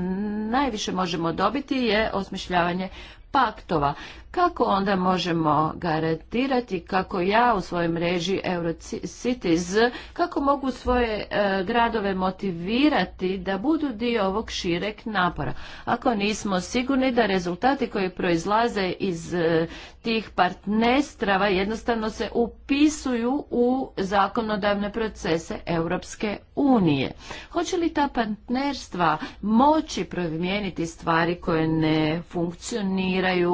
najviše možemo dobiti je osmišljavanje paktova kako onda možemo garantirati kako ja u svojoj mreži Eurocities, kako mogu svoje e, gradove motivirati da budu dio ovog šireg napora. Ako nismo sigurni da rezultati koji proizlaze iz e, tih partnerstrava jednostavno se upisuju u zakonodavne procese Europske unije. Hoće li ta partnerstva moći promijeniti stvari koje ne funkcioniraju,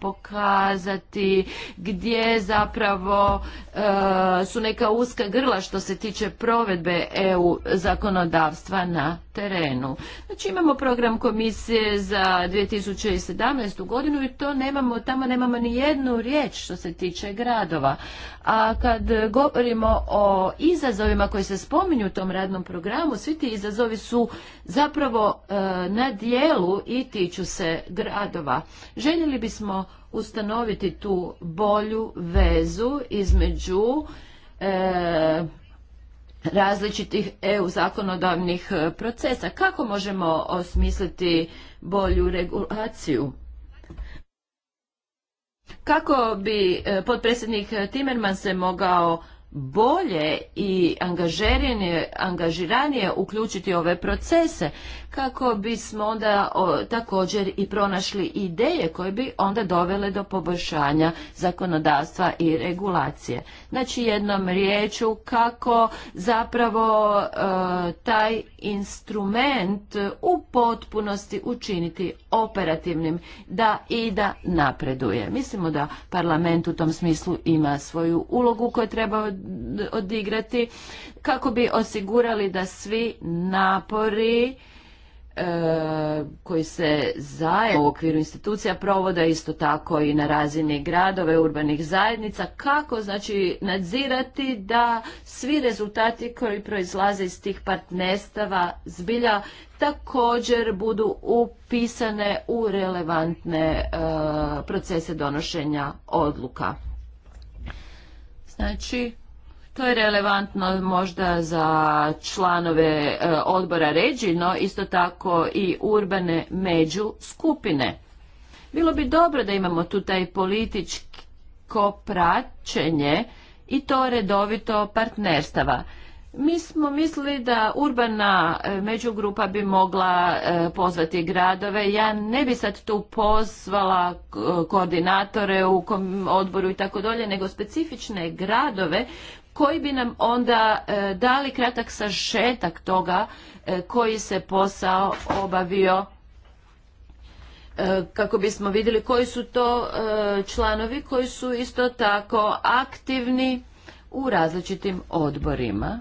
po kazati gdje zapravo e, su neka uska grla što se tiče provedbe EU zakonodavstva na terenu. Znači imamo program komisije za 2017. godinu i to nemamo, tamo nemamo ni jednu riječ što se tiče gradova. A kad govorimo o izazovima koji se spominju u tom radnom programu, svi ti izazovi su zapravo e, na dijelu i tiču se gradova. Željeli bismo ustanoviti tu bolju vezu između e, različitih EU zakonodavnih e, procesa. Kako možemo osmisliti bolju regulaciju? Kako bi e, potpredsjednik Timerman se mogao bolje i angažiranije uključiti ove procese kako bismo onda također i pronašli ideje koje bi onda dovele do poboljšanja zakonodavstva i regulacije. Znači jednom riječu kako zapravo e, taj instrument u potpunosti učiniti operativnim da i da napreduje. Mislimo da parlament u tom smislu ima svoju ulogu koju treba odigrati kako bi osigurali da svi napori e, koji se zajedno u okviru institucija provode isto tako i na razini gradove, urbanih zajednica, kako znači nadzirati da svi rezultati koji proizlaze iz tih partnerstava zbilja također budu upisane u relevantne e, procese donošenja odluka. Znači, to je relevantno možda za članove e, odbora ređi, no isto tako i urbane među skupine. Bilo bi dobro da imamo tu taj političko praćenje i to redovito partnerstava. Mi smo mislili da urbana e, međugrupa bi mogla e, pozvati gradove. Ja ne bi sad tu pozvala e, koordinatore u odboru i tako dolje, nego specifične gradove koji bi nam onda dali kratak sažetak toga koji se posao obavio kako bismo vidjeli koji su to članovi koji su isto tako aktivni u različitim odborima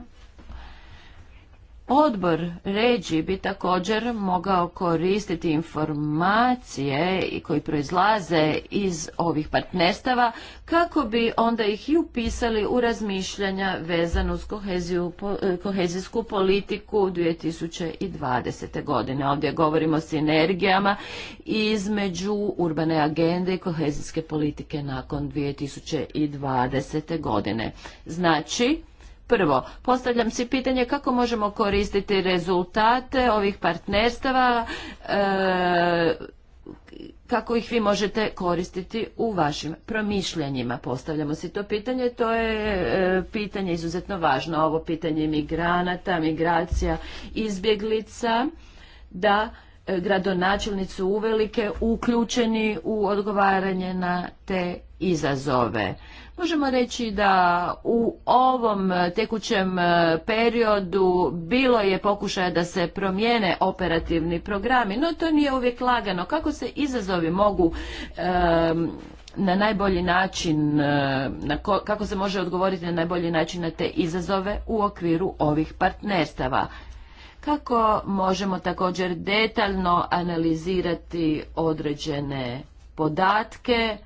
Odbor ređi bi također mogao koristiti informacije koji proizlaze iz ovih partnerstava kako bi onda ih i upisali u razmišljanja vezano uz e, kohezijsku politiku 2020. godine. Ovdje govorimo o sinergijama između urbane agende i kohezijske politike nakon 2020. godine. Znači, Prvo, postavljam si pitanje kako možemo koristiti rezultate ovih partnerstava, e, kako ih vi možete koristiti u vašim promišljanjima. Postavljamo si to pitanje, to je e, pitanje izuzetno važno, ovo pitanje migranata, migracija, izbjeglica, da e, gradonačelnicu uvelike uključeni u odgovaranje na te izazove. Možemo reći da u ovom e, tekućem e, periodu bilo je pokušaja da se promijene operativni programi, no to nije uvijek lagano. Kako se izazovi mogu na najbolji način, e, kako se može odgovoriti na najbolji način na te izazove u okviru ovih partnerstava? Kako možemo također detaljno analizirati određene podatke,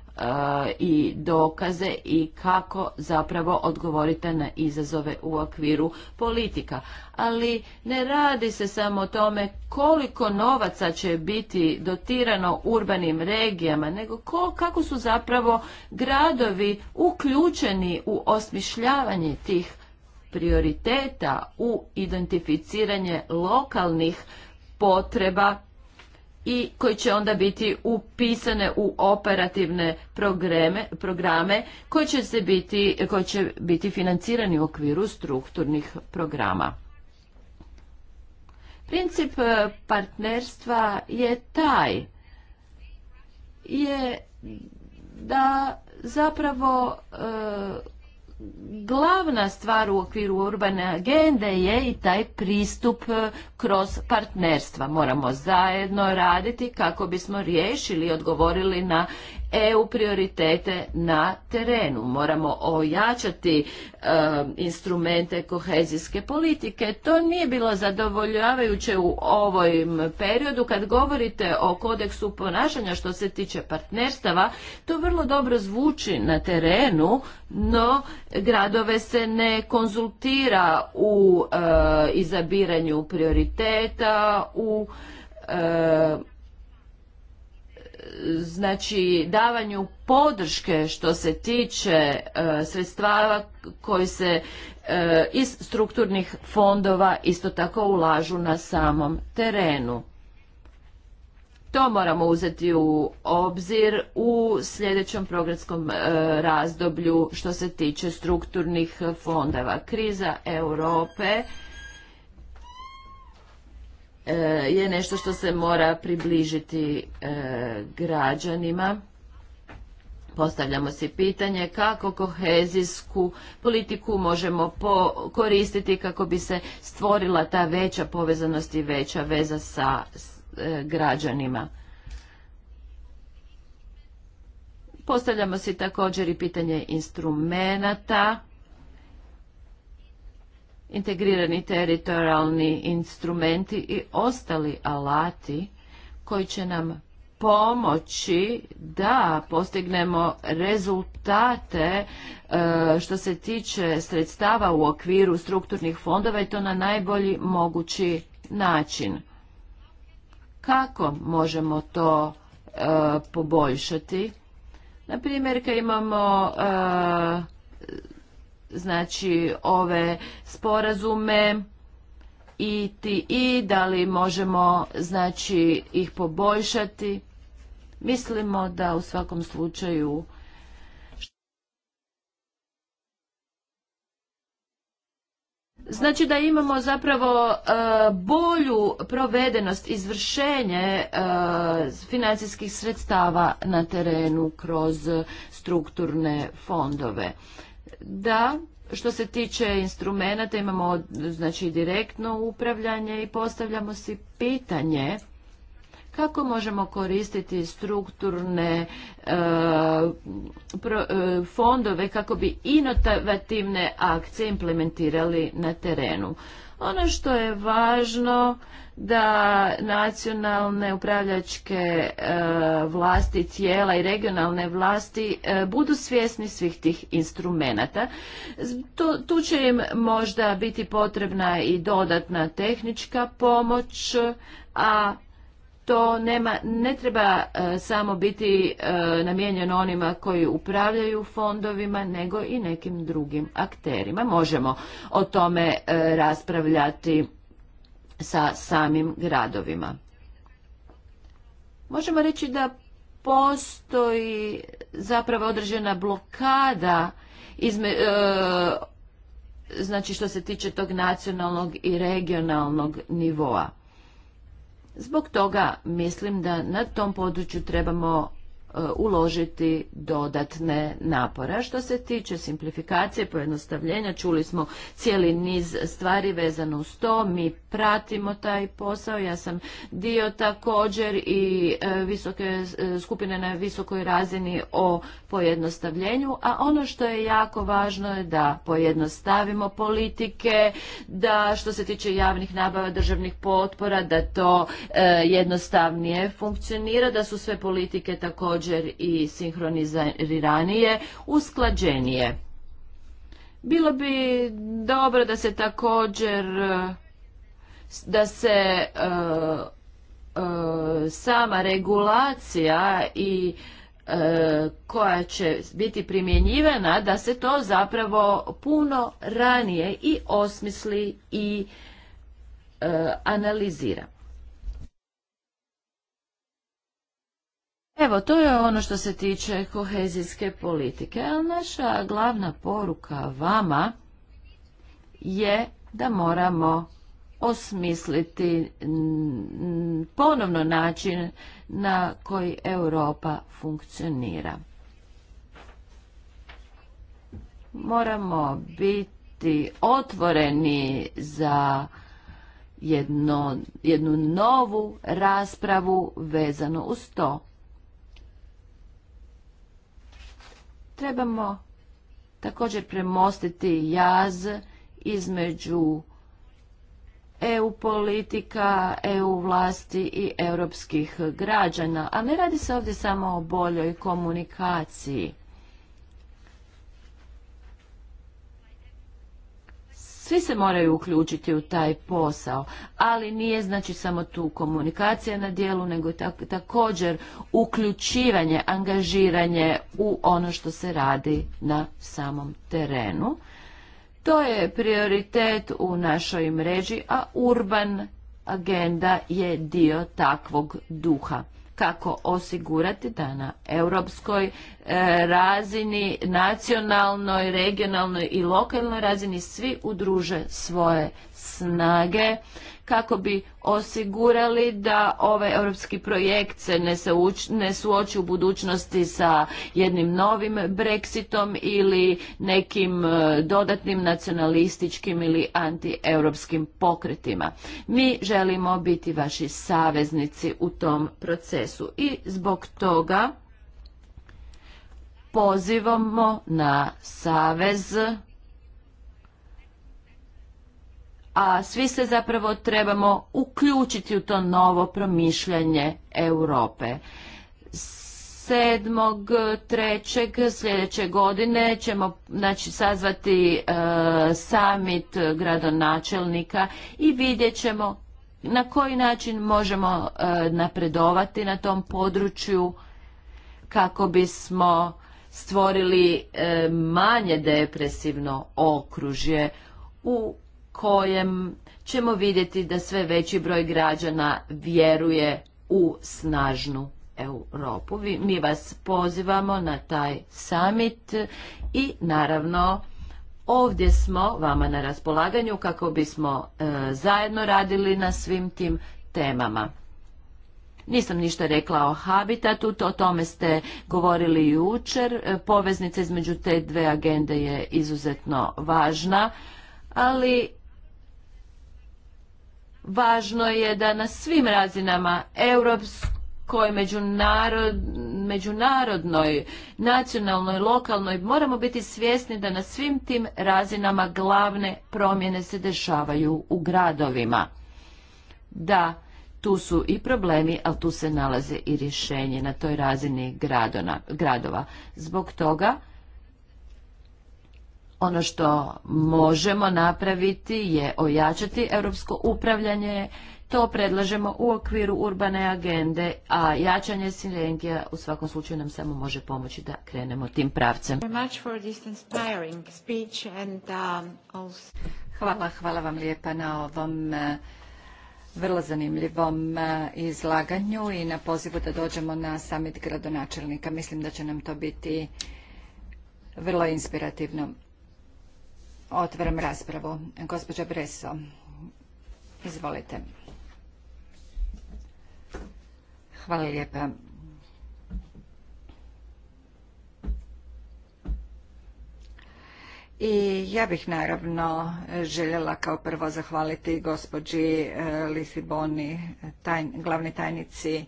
i dokaze i kako zapravo odgovorite na izazove u okviru politika. Ali ne radi se samo o tome koliko novaca će biti dotirano urbanim regijama, nego kako su zapravo gradovi uključeni u osmišljavanje tih prioriteta u identificiranje lokalnih potreba i koji će onda biti upisane u operativne programe, koji će, se biti, koji će biti financirani u okviru strukturnih programa. Princip e, partnerstva je taj, je da zapravo e, glavna stvar u okviru urbane agende je i taj pristup e, kroz partnerstva. Moramo zajedno raditi kako bismo riješili i odgovorili na EU prioritete na terenu. Moramo ojačati instrumente kohezijske politike. To nije bilo zadovoljavajuće u ovom periodu. Kad govorite o kodeksu ponašanja što se tiče partnerstava, to vrlo dobro zvuči na terenu, no gradove se ne konzultira u izabiranju prioriteta, u znači davanju podrške što se tiče e, sredstava koji se e, iz strukturnih fondova isto tako ulažu na samom terenu. To moramo uzeti u obzir u sljedećem programskom e, razdoblju što se tiče strukturnih fondova. Kriza Europe E, je nešto što se mora približiti e, građanima. Postavljamo si pitanje kako kohezijsku politiku možemo koristiti kako bi se stvorila ta veća povezanost i veća veza sa e, građanima. Postavljamo si također i pitanje instrumenata integrirani teritorijalni instrumenti i ostali alati koji će nam pomoći da postignemo rezultate e, što se tiče sredstava u okviru strukturnih fondova i to na najbolji mogući način. Kako možemo to e, poboljšati? Na primjer, kad imamo e, znači ove sporazume i ti i da li možemo znači ih poboljšati mislimo da u svakom slučaju Znači da imamo zapravo e, bolju provedenost, izvršenje e, financijskih sredstava na terenu kroz strukturne fondove da što se tiče instrumenta imamo znači direktno upravljanje i postavljamo si pitanje kako možemo koristiti strukturne e, e, fondove kako bi inovativne akcije implementirali na terenu. Ono što je važno da nacionalne upravljačke e, vlasti, tijela i regionalne vlasti e, budu svjesni svih tih instrumenata. Tu će im možda biti potrebna i dodatna tehnička pomoć, a to nema, ne treba e, samo biti e, namijenjeno onima koji upravljaju fondovima, nego i nekim drugim akterima. Možemo o tome e, raspravljati sa samim gradovima. Možemo reći da postoji zapravo određena blokada izme, e, znači što se tiče tog nacionalnog i regionalnog nivoa. Zbog toga mislim da na tom području trebamo E, uložiti dodatne napora. Što se tiče simplifikacije, pojednostavljenja, čuli smo cijeli niz stvari vezano uz to, mi pratimo taj posao, ja sam dio također i e, visoke e, skupine na visokoj razini o pojednostavljenju, a ono što je jako važno je da pojednostavimo politike, da što se tiče javnih nabava državnih potpora, da to jednostavnije funkcionira, da su sve politike također također i sinhroniziranije, usklađenije. Bilo bi dobro da se također da se e, e, sama regulacija i e, koja će biti primjenjivana da se to zapravo puno ranije i osmisli i analizira. Evo, to je ono što se tiče kohezijske politike, ali naša glavna poruka vama je da moramo osmisliti ponovno način na koji Europa funkcionira. Moramo biti otvoreni za jednu novu raspravu vezano uz to. Trebamo također premostiti jaz između EU politika, EU vlasti i europskih građana, a ne radi se ovdje samo o boljoj komunikaciji. Svi se moraju uključiti u taj posao, ali nije znači samo tu komunikacija na dijelu, nego također uključivanje, angažiranje u ono što se radi na samom terenu. To je prioritet u našoj mreži, a urban agenda je dio takvog duha kako osigurati da na europskoj e, razini, nacionalnoj, regionalnoj i lokalnoj razini svi udruže svoje snage kako bi osigurali da ovaj europski projekt se ne, ne suoči u budućnosti sa jednim novim brexitom ili nekim e, dodatnim nacionalističkim ili antieuropskim pokretima. Mi želimo biti vaši saveznici u tom procesu i zbog toga pozivamo na savez a svi se zapravo trebamo uključiti u to novo promišljanje Europe. 7.3. sljedeće godine ćemo znači, sazvati e, summit gradonačelnika i vidjet ćemo na koji način možemo e, napredovati na tom području kako bismo stvorili e, manje depresivno okružje u kojem ćemo vidjeti da sve veći broj građana vjeruje u snažnu Europu. Mi vas pozivamo na taj summit i naravno ovdje smo vama na raspolaganju kako bismo e, zajedno radili na svim tim temama. Nisam ništa rekla o habitatu, to, o tome ste govorili jučer. E, poveznica između te dve agende je izuzetno važna, ali Važno je da na svim razinama europskoj, međunarod, međunarodnoj, nacionalnoj, lokalnoj moramo biti svjesni da na svim tim razinama glavne promjene se dešavaju u gradovima. Da, tu su i problemi, ali tu se nalaze i rješenje na toj razini gradona, gradova. Zbog toga ono što možemo napraviti je ojačati europsko upravljanje, to predlažemo u okviru urbane agende, a jačanje sinergija u svakom slučaju nam samo može pomoći da krenemo tim pravcem. Um, hvala, hvala vam lijepa na ovom e, vrlo zanimljivom e, izlaganju i na pozivu da dođemo na summit gradonačelnika. Mislim da će nam to biti vrlo inspirativno. Otvaram raspravu. Gospođa Breso, izvolite. Hvala lijepa. I ja bih naravno željela kao prvo zahvaliti gospođi eh, Lisiboni, glavni tajnici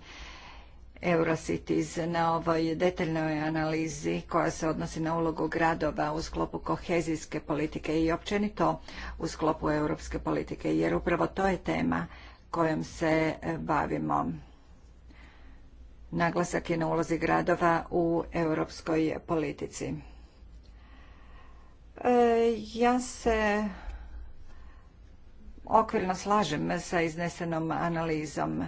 Eurocities na ovoj detaljnoj analizi koja se odnosi na ulogu gradova u sklopu kohezijske politike i općenito u sklopu europske politike, jer upravo to je tema kojom se e, bavimo. Naglasak je na ulozi gradova u europskoj politici. E, ja se okvirno slažem sa iznesenom analizom.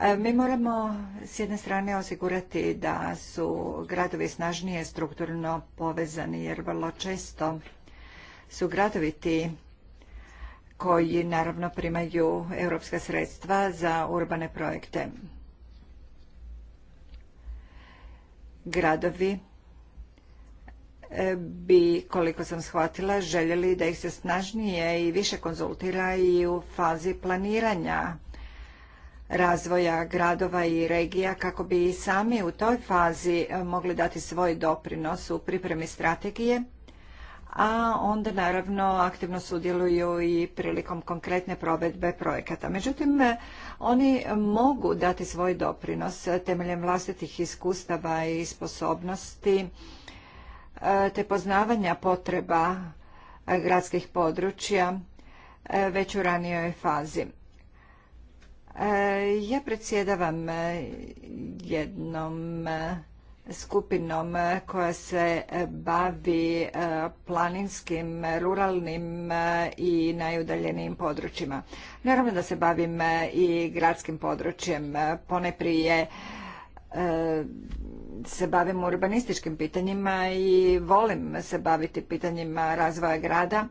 E, mi moramo s jedne strane osigurati da su gradovi snažnije strukturno povezani jer vrlo često su gradovi ti koji naravno primaju europska sredstva za urbane projekte. Gradovi e, bi, koliko sam shvatila, željeli da ih se snažnije i više konzultira i u fazi planiranja razvoja gradova i regija kako bi i sami u toj fazi e, mogli dati svoj doprinos u pripremi strategije, a onda naravno aktivno sudjeluju i prilikom konkretne provedbe projekata. Međutim, e, oni mogu dati svoj doprinos e, temeljem vlastitih iskustava i sposobnosti te poznavanja potreba gradskih područja već u ranijoj fazi. E, ja predsjedavam e, jednom e, skupinom koja se bavi planinskim, ruralnim i najudaljenijim područjima. Naravno da se bavim i gradskim područjem. Poneprije se bavim urbanističkim pitanjima i volim se baviti pitanjima razvoja grada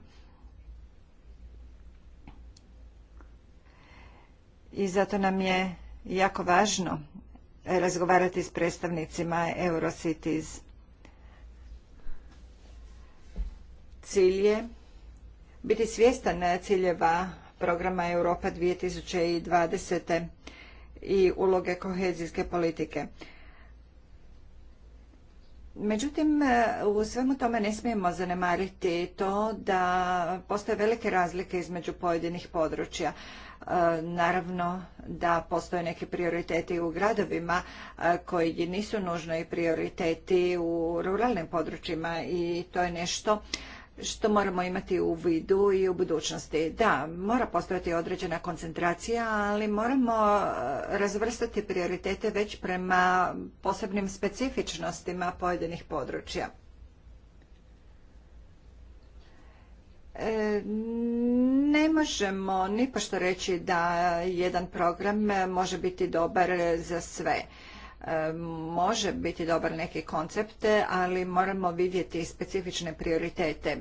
i zato nam je jako važno razgovarati s predstavnicima Eurocities. Cilj je biti svjestan ciljeva programa Europa 2020. i uloge kohezijske politike. Međutim, u svemu tome ne smijemo zanemariti to da postoje velike razlike između pojedinih područja. E, naravno da postoje neki prioriteti u gradovima e, koji nisu nužno i prioriteti u ruralnim područjima i to je nešto što moramo imati u vidu i u budućnosti. Da, mora postojati određena koncentracija, ali moramo e, razvrstati prioritete već prema posebnim specifičnostima pojedinih područja. E, ne možemo nipošto reći da jedan program može biti dobar za sve. E, može biti dobar neki koncept, ali moramo vidjeti specifične prioritete.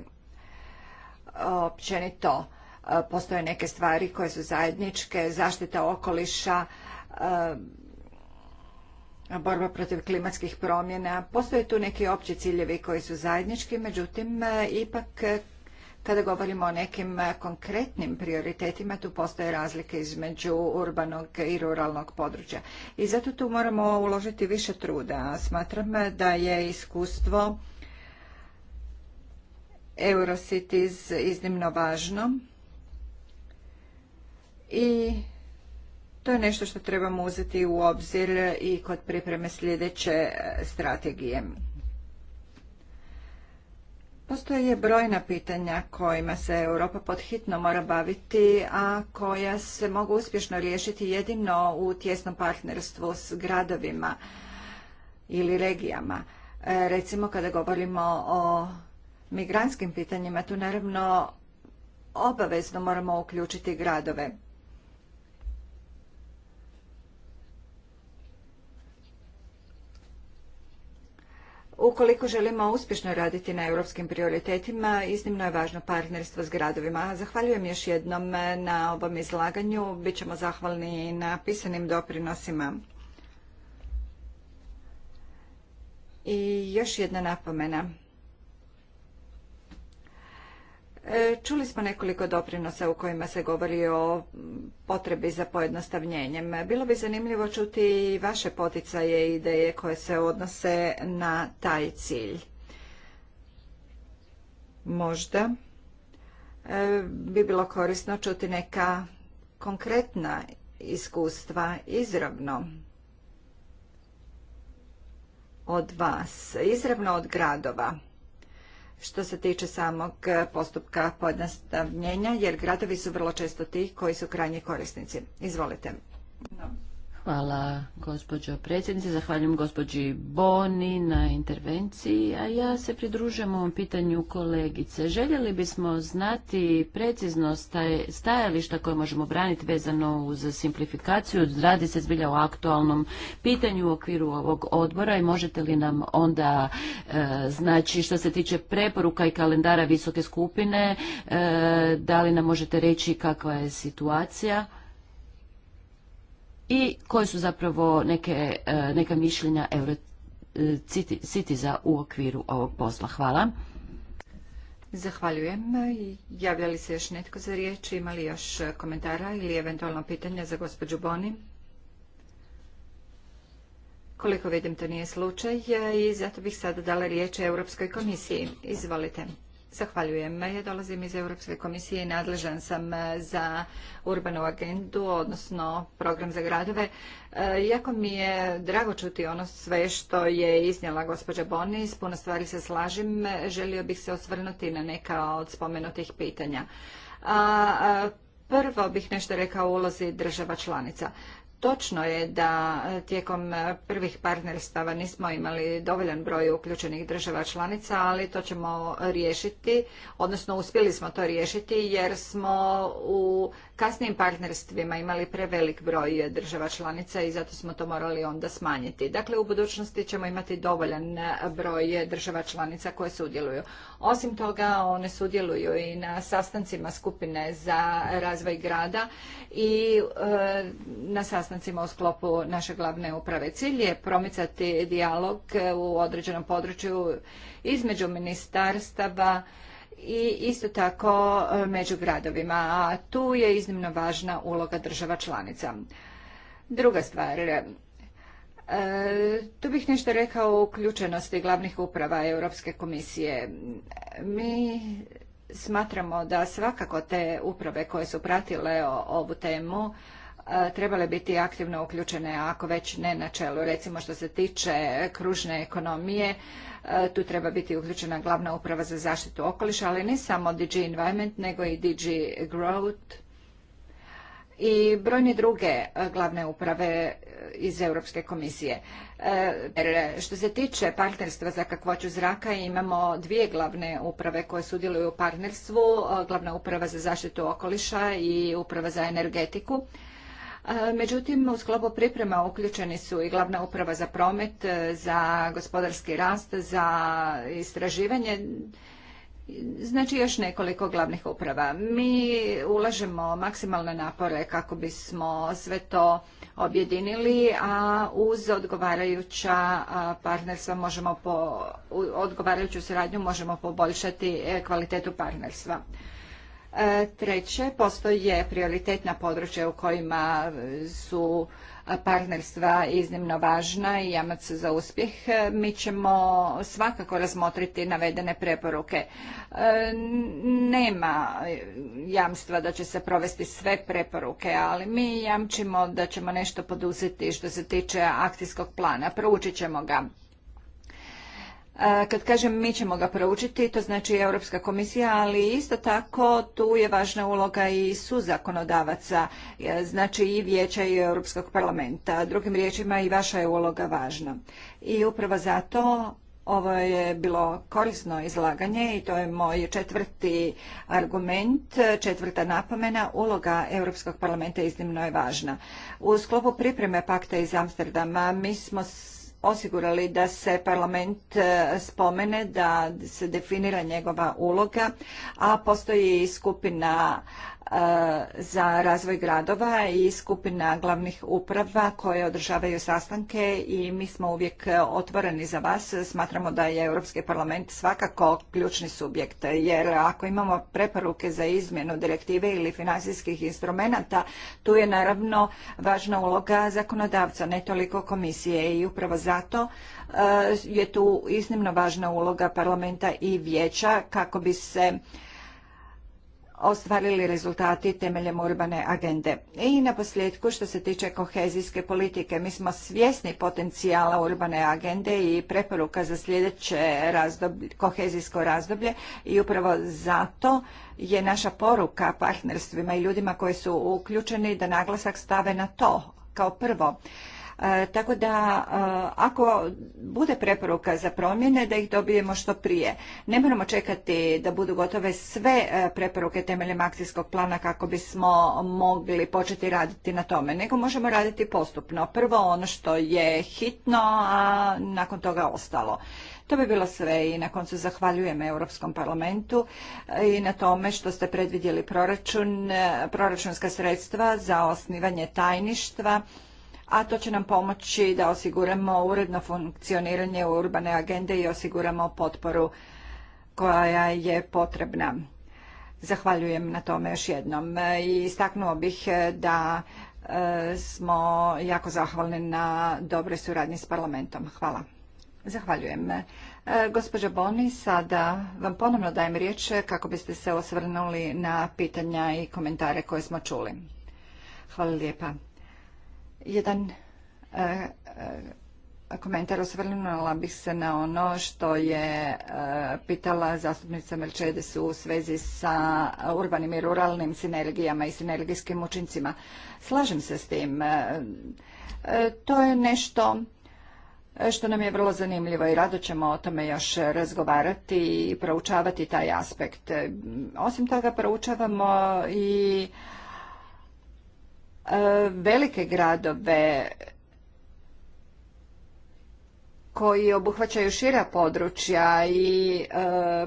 Općenito e, postoje neke stvari koje su zajedničke, zaštita okoliša, borba protiv klimatskih promjena. Postoje tu neki opći ciljevi koji su zajednički, međutim ipak kada govorimo o nekim e, konkretnim prioritetima, tu postoje razlike između urbanog i ruralnog područja. I zato tu moramo uložiti više truda. Smatram e, da je iskustvo Eurocities iznimno važno i to je nešto što trebamo uzeti u obzir i kod pripreme sljedeće e, strategije. Postoje brojna pitanja kojima se Europa podhitno mora baviti, a koja se mogu uspješno riješiti jedino u tjesnom partnerstvu s gradovima ili regijama. E, recimo kada govorimo o migranskim pitanjima, tu naravno obavezno moramo uključiti gradove. Ukoliko želimo uspješno raditi na europskim prioritetima, iznimno je važno partnerstvo s gradovima. Zahvaljujem još jednom eh, na ovom izlaganju. Bićemo zahvalni na pisanim doprinosima. I još jedna napomena. E, čuli smo nekoliko doprinosa u kojima se govori o potrebi za pojednostavljenjem. Bilo bi zanimljivo čuti i vaše poticaje i ideje koje se odnose na taj cilj. Možda e, bi bilo korisno čuti neka konkretna iskustva izravno od vas, izravno od gradova što se tiče samog eh, postupka pojednostavljenja, jer gradovi su vrlo često ti koji su krajnji korisnici. Izvolite. Hvala gospođo predsjednice, zahvaljujem gospođi Boni na intervenciji, a ja se pridružujem ovom pitanju kolegice. Željeli bismo znati precizno stajališta koje možemo braniti vezano uz simplifikaciju. Radi se zbilja o aktualnom pitanju u okviru ovog odbora i možete li nam onda, e, znači što se tiče preporuka i kalendara visoke skupine, e, da li nam možete reći kakva je situacija? i koje su zapravo neke, e, neka mišljenja Eurocitiza e, u okviru ovog posla. Hvala. Zahvaljujem. Javlja li se još netko za riječ? Ima li još komentara ili eventualno pitanja za gospođu Boni? Koliko vidim, to nije slučaj i zato bih sada dala riječ Europskoj komisiji. Izvolite. Zahvaljujem. Ja dolazim iz Europske komisije i nadležan sam e, za urbanu agendu, odnosno program za gradove. E, jako mi je drago čuti ono sve što je iznijela gospođa Bonis, S puno stvari se slažem. Želio bih se osvrnuti na neka od spomenutih pitanja. Prvo bih nešto rekao o ulozi država članica. Točno je da e, tijekom e, prvih partnerstava nismo imali dovoljan broj uključenih država članica, ali to ćemo riješiti, odnosno uspjeli smo to riješiti jer smo u kasnijim partnerstvima imali prevelik broj država članica i zato smo to morali onda smanjiti. Dakle, u budućnosti ćemo imati dovoljan broj država članica koje sudjeluju. Osim toga, one sudjeluju i na sastancima skupine za razvoj grada i e, na sastancima u sklopu naše glavne uprave. Cilj je promicati dijalog u određenom području između ministarstava, i isto tako e, među gradovima, a tu je iznimno važna uloga država članica. Druga stvar, e, tu bih nešto rekao o uključenosti glavnih uprava Europske komisije. Mi smatramo da svakako te uprave koje su pratile ovu temu E, trebale biti aktivno uključene, ako već ne na čelu. Recimo što se tiče kružne ekonomije, e, tu treba biti uključena glavna uprava za zaštitu okoliša, ali ne samo DG Environment, nego i DG Growth i brojne druge e, glavne uprave iz Europske komisije. što se tiče partnerstva za kakvoću zraka, imamo dvije glavne uprave koje sudjeluju u partnerstvu, glavna uprava za zaštitu okoliša i uprava za energetiku. E, međutim, u sklopu priprema uključeni su i glavna uprava za promet, e, za gospodarski rast, za istraživanje, Znači još nekoliko glavnih uprava. Mi ulažemo maksimalne napore kako bismo sve to objedinili, a uz odgovarajuća partnerstva možemo po, odgovarajuću suradnju možemo poboljšati e, kvalitetu partnerstva. E, treće, postoje prioritetna područja u kojima su partnerstva iznimno važna i jamac za uspjeh. E, mi ćemo svakako razmotriti navedene preporuke. E, nema jamstva da će se provesti sve preporuke, ali mi jamčimo da ćemo nešto poduzeti što se tiče akcijskog plana. Proučit ćemo ga kad kažem mi ćemo ga proučiti, to znači Europska komisija, ali isto tako tu je važna uloga i suzakonodavaca, e, znači i vijeća i Europskog parlamenta. Drugim riječima i vaša je uloga važna. I upravo zato ovo je bilo korisno izlaganje i to je moj četvrti argument, četvrta napomena. Uloga Europskog parlamenta iznimno je važna. U sklopu pripreme pakta iz Amsterdama mi smo osigurali da se parlament e, spomene, da se definira njegova uloga, a postoji i skupina E, za razvoj gradova i skupina glavnih uprava koje održavaju sastanke i mi smo uvijek otvoreni za vas. Smatramo da je Europski parlament svakako ključni subjekt jer ako imamo preporuke za izmjenu direktive ili financijskih instrumenata, tu je naravno važna uloga zakonodavca, ne toliko komisije i upravo zato e, je tu iznimno važna uloga parlamenta i vijeća kako bi se ostvarili rezultati temeljem urbane agende. I na posljedku što se tiče kohezijske politike, mi smo svjesni potencijala urbane agende i preporuka za sljedeće razdoblje, kohezijsko razdoblje i upravo zato je naša poruka partnerstvima i ljudima koji su uključeni da naglasak stave na to kao prvo E, tako da e, ako bude preporuka za promjene da ih dobijemo što prije. Ne moramo čekati da budu gotove sve e, preporuke temeljem akcijskog plana kako bismo mogli početi raditi na tome, nego možemo raditi postupno. Prvo ono što je hitno, a nakon toga ostalo. To bi bilo sve i na koncu zahvaljujem Europskom parlamentu i na tome što ste predvidjeli proračun, proračunska sredstva za osnivanje tajništva a to će nam pomoći da osiguramo uredno funkcioniranje urbane agende i osiguramo potporu koja je potrebna. Zahvaljujem na tome još jednom i istaknuo bih e, da e, smo jako zahvalni na dobroj suradnji s parlamentom. Hvala. Zahvaljujem. E, gospođo Boni, sada vam ponovno dajem riječ kako biste se osvrnuli na pitanja i komentare koje smo čuli. Hvala lijepa. Jedan e, e, komentar osvrnula bih se na ono što je e, pitala zastupnica Melčedes u svezi sa urbanim i ruralnim sinergijama i sinergijskim učincima. Slažem se s tim. To je nešto što nam je vrlo zanimljivo i rado ćemo o tome još razgovarati i proučavati taj aspekt. Osim toga proučavamo i E, velike gradove koji obuhvaćaju šira područja i e,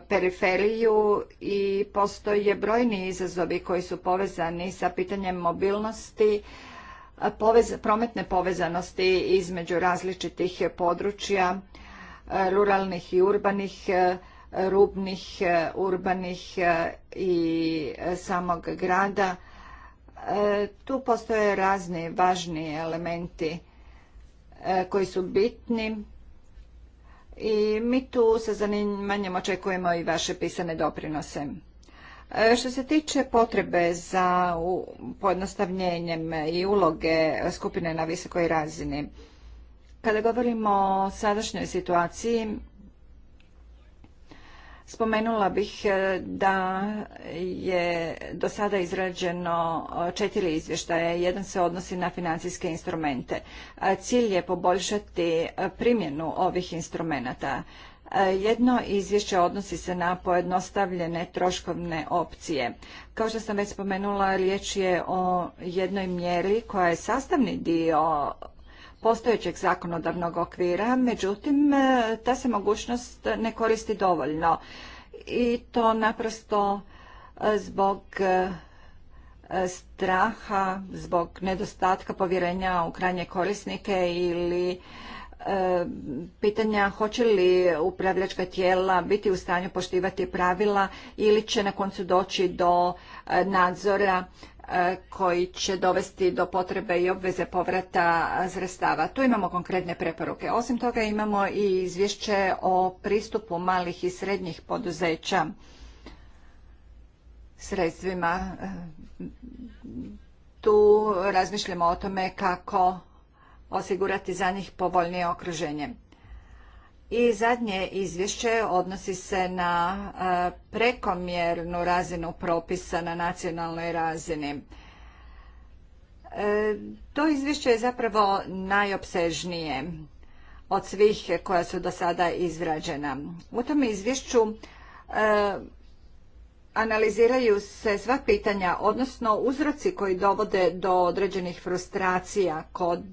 periferiju i postoje brojni izazovi koji su povezani sa pitanjem mobilnosti, prometne povezanosti između različitih područja, e, ruralnih i urbanih, rubnih, urbanih i samog grada – tu postoje razni važni elementi e, koji su bitni i mi tu sa zanimanjem očekujemo i vaše pisane doprinose. E, što se tiče potrebe za pojednostavljenjem i uloge skupine na visokoj razini, kada govorimo o sadašnjoj situaciji, Spomenula bih e, da je do sada izrađeno e, četiri izvještaja. Jedan se odnosi na financijske instrumente. E, cilj je poboljšati primjenu ovih instrumenata. Jedno izvješće odnosi se na pojednostavljene troškovne opcije. Kao što sam već spomenula, riječ je o jednoj mjeri koja je sastavni dio postojećeg zakonodavnog okvira, međutim e, ta se mogućnost ne koristi dovoljno i to naprosto e, zbog e, straha, zbog nedostatka povjerenja u krajnje korisnike ili pitanja hoće li upravljačka tijela biti u stanju poštivati pravila ili će na koncu doći do nadzora koji će dovesti do potrebe i obveze povrata sredstava. Tu imamo konkretne preporuke. Osim toga imamo i izvješće o pristupu malih i srednjih poduzeća sredstvima. Tu razmišljamo o tome kako osigurati za njih povoljnije okruženje. I zadnje izvješće odnosi se na e, prekomjernu razinu propisa na nacionalnoj razini. E, to izvješće je zapravo najopsežnije od svih koja su do sada izrađena. U tom izvješću e, analiziraju se sva pitanja, odnosno uzroci koji dovode do određenih frustracija kod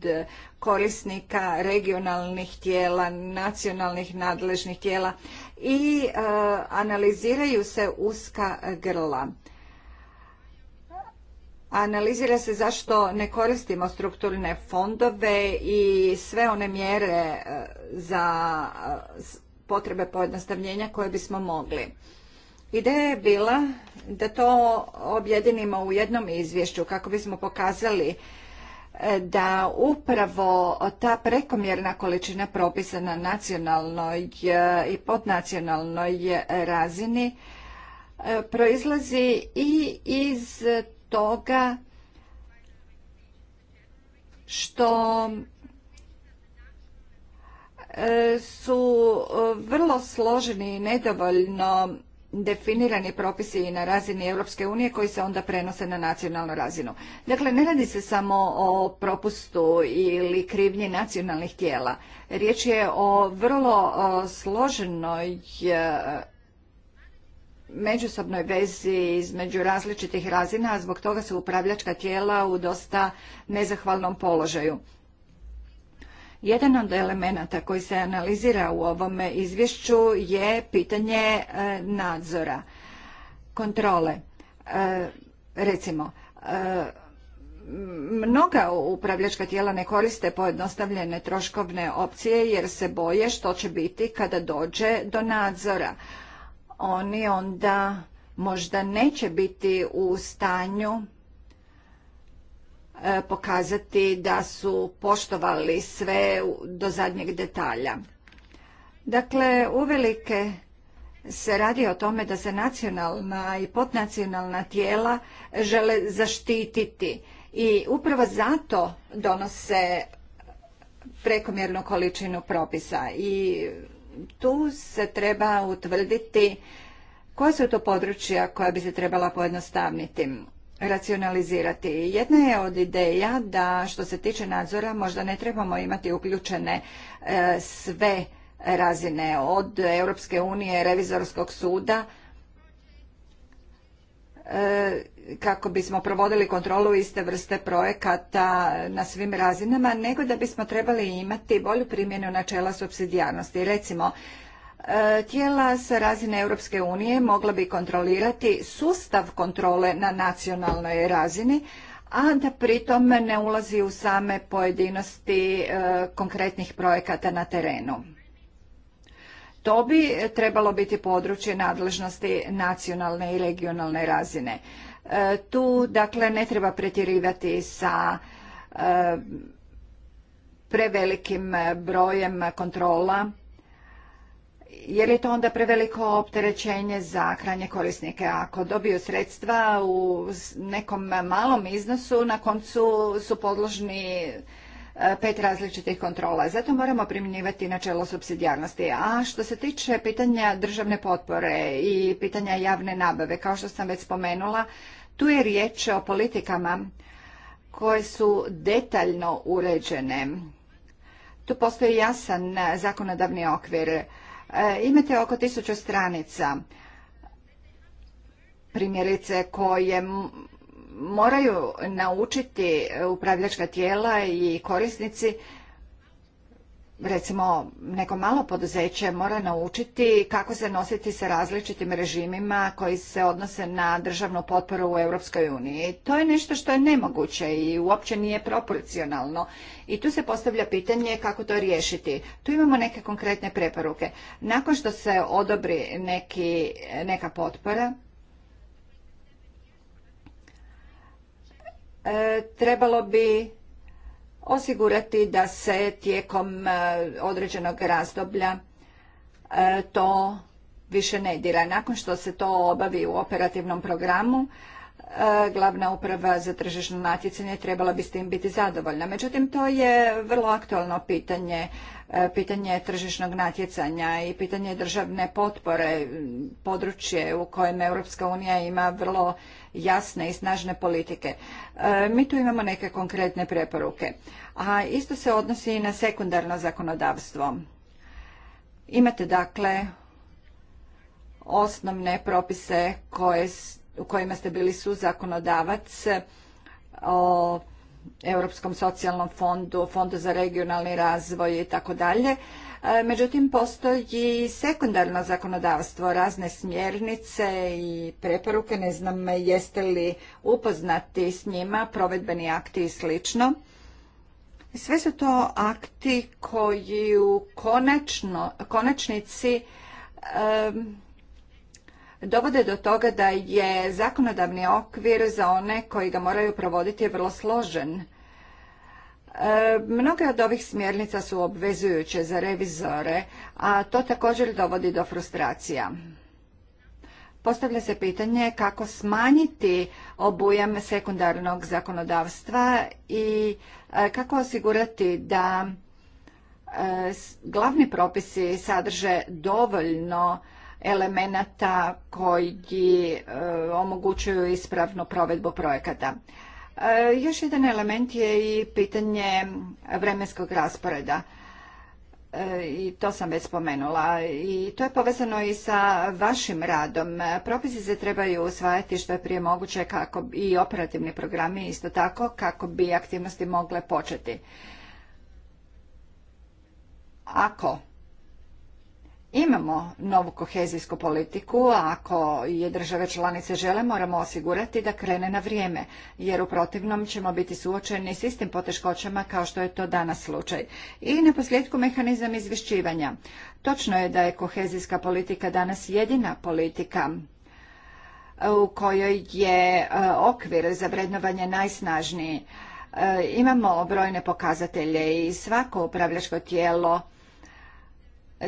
korisnika regionalnih tijela, nacionalnih nadležnih tijela i e, analiziraju se uska grla. Analizira se zašto ne koristimo strukturne fondove i sve one mjere e, za e, potrebe pojednostavljenja koje bismo mogli. Ideja je bila da to objedinimo u jednom izvješću kako bismo pokazali e, da upravo ta prekomjerna količina propisa na nacionalnoj e, i podnacionalnoj razini e, proizlazi i iz toga što su vrlo složeni i nedovoljno definirani propisi i na razini Europske unije koji se onda prenose na nacionalnu razinu. Dakle, ne radi se samo o propustu ili krivnji nacionalnih tijela. Riječ je o vrlo složenoj e, međusobnoj vezi između različitih razina, a zbog toga su upravljačka tijela u dosta nezahvalnom položaju. Jedan od elemenata koji se analizira u ovom izvješću je pitanje e, nadzora, kontrole. E, recimo, e, mnoga upravljačka tijela ne koriste pojednostavljene troškovne opcije jer se boje što će biti kada dođe do nadzora. Oni onda možda neće biti u stanju E, pokazati da su poštovali sve do zadnjeg detalja. Dakle, uvelike se radi o tome da se nacionalna i podnacionalna tijela žele zaštititi i upravo zato donose prekomjernu količinu propisa i tu se treba utvrditi koja su to područja koja bi se trebala pojednostavniti racionalizirati. Jedna je od ideja da što se tiče nadzora možda ne trebamo imati uključene e, sve razine od Europske unije, revizorskog suda e, kako bismo provodili kontrolu iste vrste projekata na svim razinama, nego da bismo trebali imati bolju primjenu načela subsidijarnosti. Recimo, E, tijela sa razine Europske unije mogla bi kontrolirati sustav kontrole na nacionalnoj razini, a da pritom ne ulazi u same pojedinosti e, konkretnih projekata na terenu. To bi trebalo biti područje nadležnosti nacionalne i regionalne razine. E, tu dakle ne treba pretjerivati sa prevelikim brojem kontrola je li to onda preveliko opterećenje za krajnje korisnike? Ako dobiju sredstva u nekom malom iznosu, na koncu su podložni e, pet različitih kontrola. Zato moramo primjenjivati načelo subsidijarnosti. A što se tiče pitanja državne potpore i pitanja javne nabave, kao što sam već spomenula, tu je riječ o politikama koje su detaljno uređene. Tu postoji jasan zakonodavni okvir E, imate oko tisuću stranica primjerice koje moraju naučiti upravljačka tijela i korisnici recimo neko malo poduzeće mora naučiti kako se nositi sa različitim režimima koji se odnose na državnu potporu u Europskoj uniji. To je nešto što je nemoguće i uopće nije proporcionalno. I tu se postavlja pitanje kako to riješiti. Tu imamo neke konkretne preporuke. Nakon što se odobri neki, neka potpora, e, trebalo bi osigurati da se tijekom e, određenog razdoblja e, to više ne dira. Nakon što se to obavi u operativnom programu, E, glavna uprava za tržišno natjecanje trebala bi s tim biti zadovoljna. Međutim, to je vrlo aktualno pitanje, e, pitanje tržišnog natjecanja i pitanje državne potpore, područje u kojem Europska unija ima vrlo jasne i snažne politike. E, mi tu imamo neke konkretne preporuke. A isto se odnosi i na sekundarno zakonodavstvo. Imate dakle osnovne propise koje u kojima ste bili suzakonodavac e, o Europskom socijalnom fondu, fondu za regionalni razvoj i tako dalje. E, međutim, postoji sekundarno zakonodavstvo, razne smjernice i preporuke, ne znam jeste li upoznati s njima, provedbeni akti i slično. Sve su to akti koji u konačno, konačnici e, dovode do toga da je zakonodavni okvir za one koji ga moraju provoditi je vrlo složen. E, mnoge od ovih smjernica su obvezujuće za revizore, a to također dovodi do frustracija. Postavlja se pitanje kako smanjiti obujam sekundarnog zakonodavstva i e, kako osigurati da e, glavni propisi sadrže dovoljno elemenata koji e, omogućuju ispravnu provedbu projekata. E, još jedan element je i pitanje vremenskog rasporeda. E, I to sam već spomenula. I to je povezano i sa vašim radom. Propisi se trebaju usvajati što je prije moguće kako i operativni programi isto tako kako bi aktivnosti mogle početi. Ako Imamo novu kohezijsku politiku, a ako je države članice žele, moramo osigurati da krene na vrijeme, jer u protivnom ćemo biti suočeni s istim poteškoćama kao što je to danas slučaj. I na mehanizam izvješćivanja. Točno je da je kohezijska politika danas jedina politika e, u kojoj je e, okvir za vrednovanje najsnažniji. E, imamo brojne pokazatelje i svako upravljačko tijelo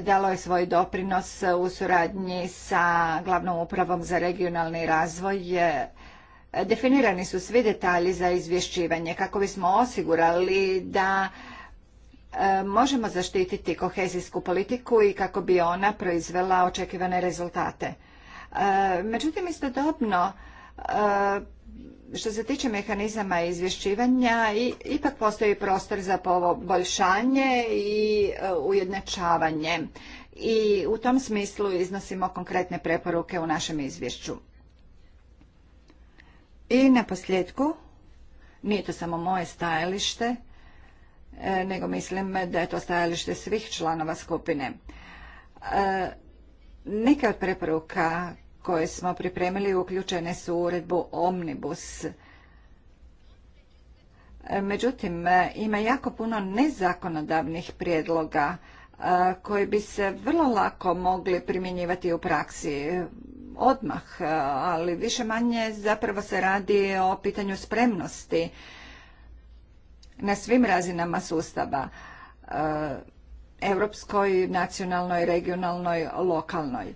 dalo je svoj doprinos u suradnji sa glavnom upravom za regionalni razvoj definirani su svi detalji za izvješćivanje kako bismo osigurali da e, možemo zaštititi kohezijsku politiku i kako bi ona proizvela očekivane rezultate. E, međutim, istodobno e, što se tiče mehanizama izvješćivanja, ipak postoji prostor za poboljšanje i e, ujednačavanje. I u tom smislu iznosimo konkretne preporuke u našem izvješću. I na posljedku, nije to samo moje stajalište, e, nego mislim da je to stajalište svih članova skupine. E, neke od preporuka koje smo pripremili uključene su u uredbu Omnibus. E, međutim, e, ima jako puno nezakonodavnih prijedloga e, koji bi se vrlo lako mogli primjenjivati u praksi odmah, ali više manje zapravo se radi o pitanju spremnosti na svim razinama sustava, europskoj, nacionalnoj, regionalnoj, lokalnoj.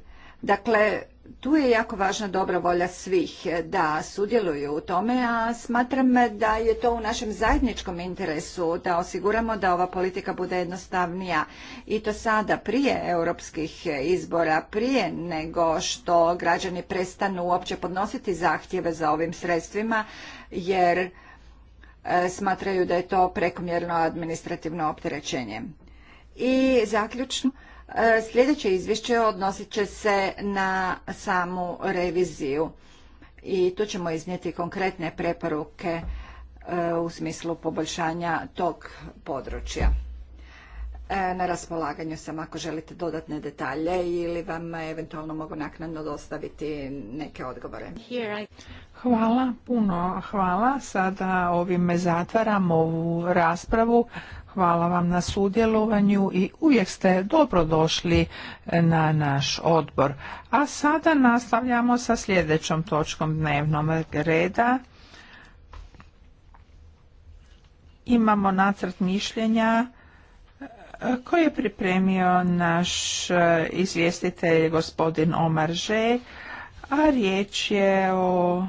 Dakle, tu je jako važna dobra volja svih eh, da sudjeluju u tome, a smatram eh, da je to u našem zajedničkom interesu da osiguramo da ova politika bude jednostavnija i to sada prije europskih eh, izbora, prije nego što građani prestanu uopće podnositi zahtjeve za ovim sredstvima, jer smatraju da je to prekomjerno administrativno opterećenje. I zaključno, E, sljedeće izvješće odnosit će se na samu reviziju i tu ćemo iznijeti konkretne preporuke e, u smislu poboljšanja tog područja. E, na raspolaganju sam ako želite dodatne detalje ili vam eventualno mogu naknadno dostaviti neke odgovore. Hvala, puno hvala. Sada ovime zatvaramo ovu raspravu. Hvala vam na sudjelovanju i uvijek ste dobro došli e, na naš odbor. A sada nastavljamo sa sljedećom točkom dnevnog reda. Imamo nacrt mišljenja e, koji je pripremio naš e, izvjestitelj gospodin Omar Že, a riječ je o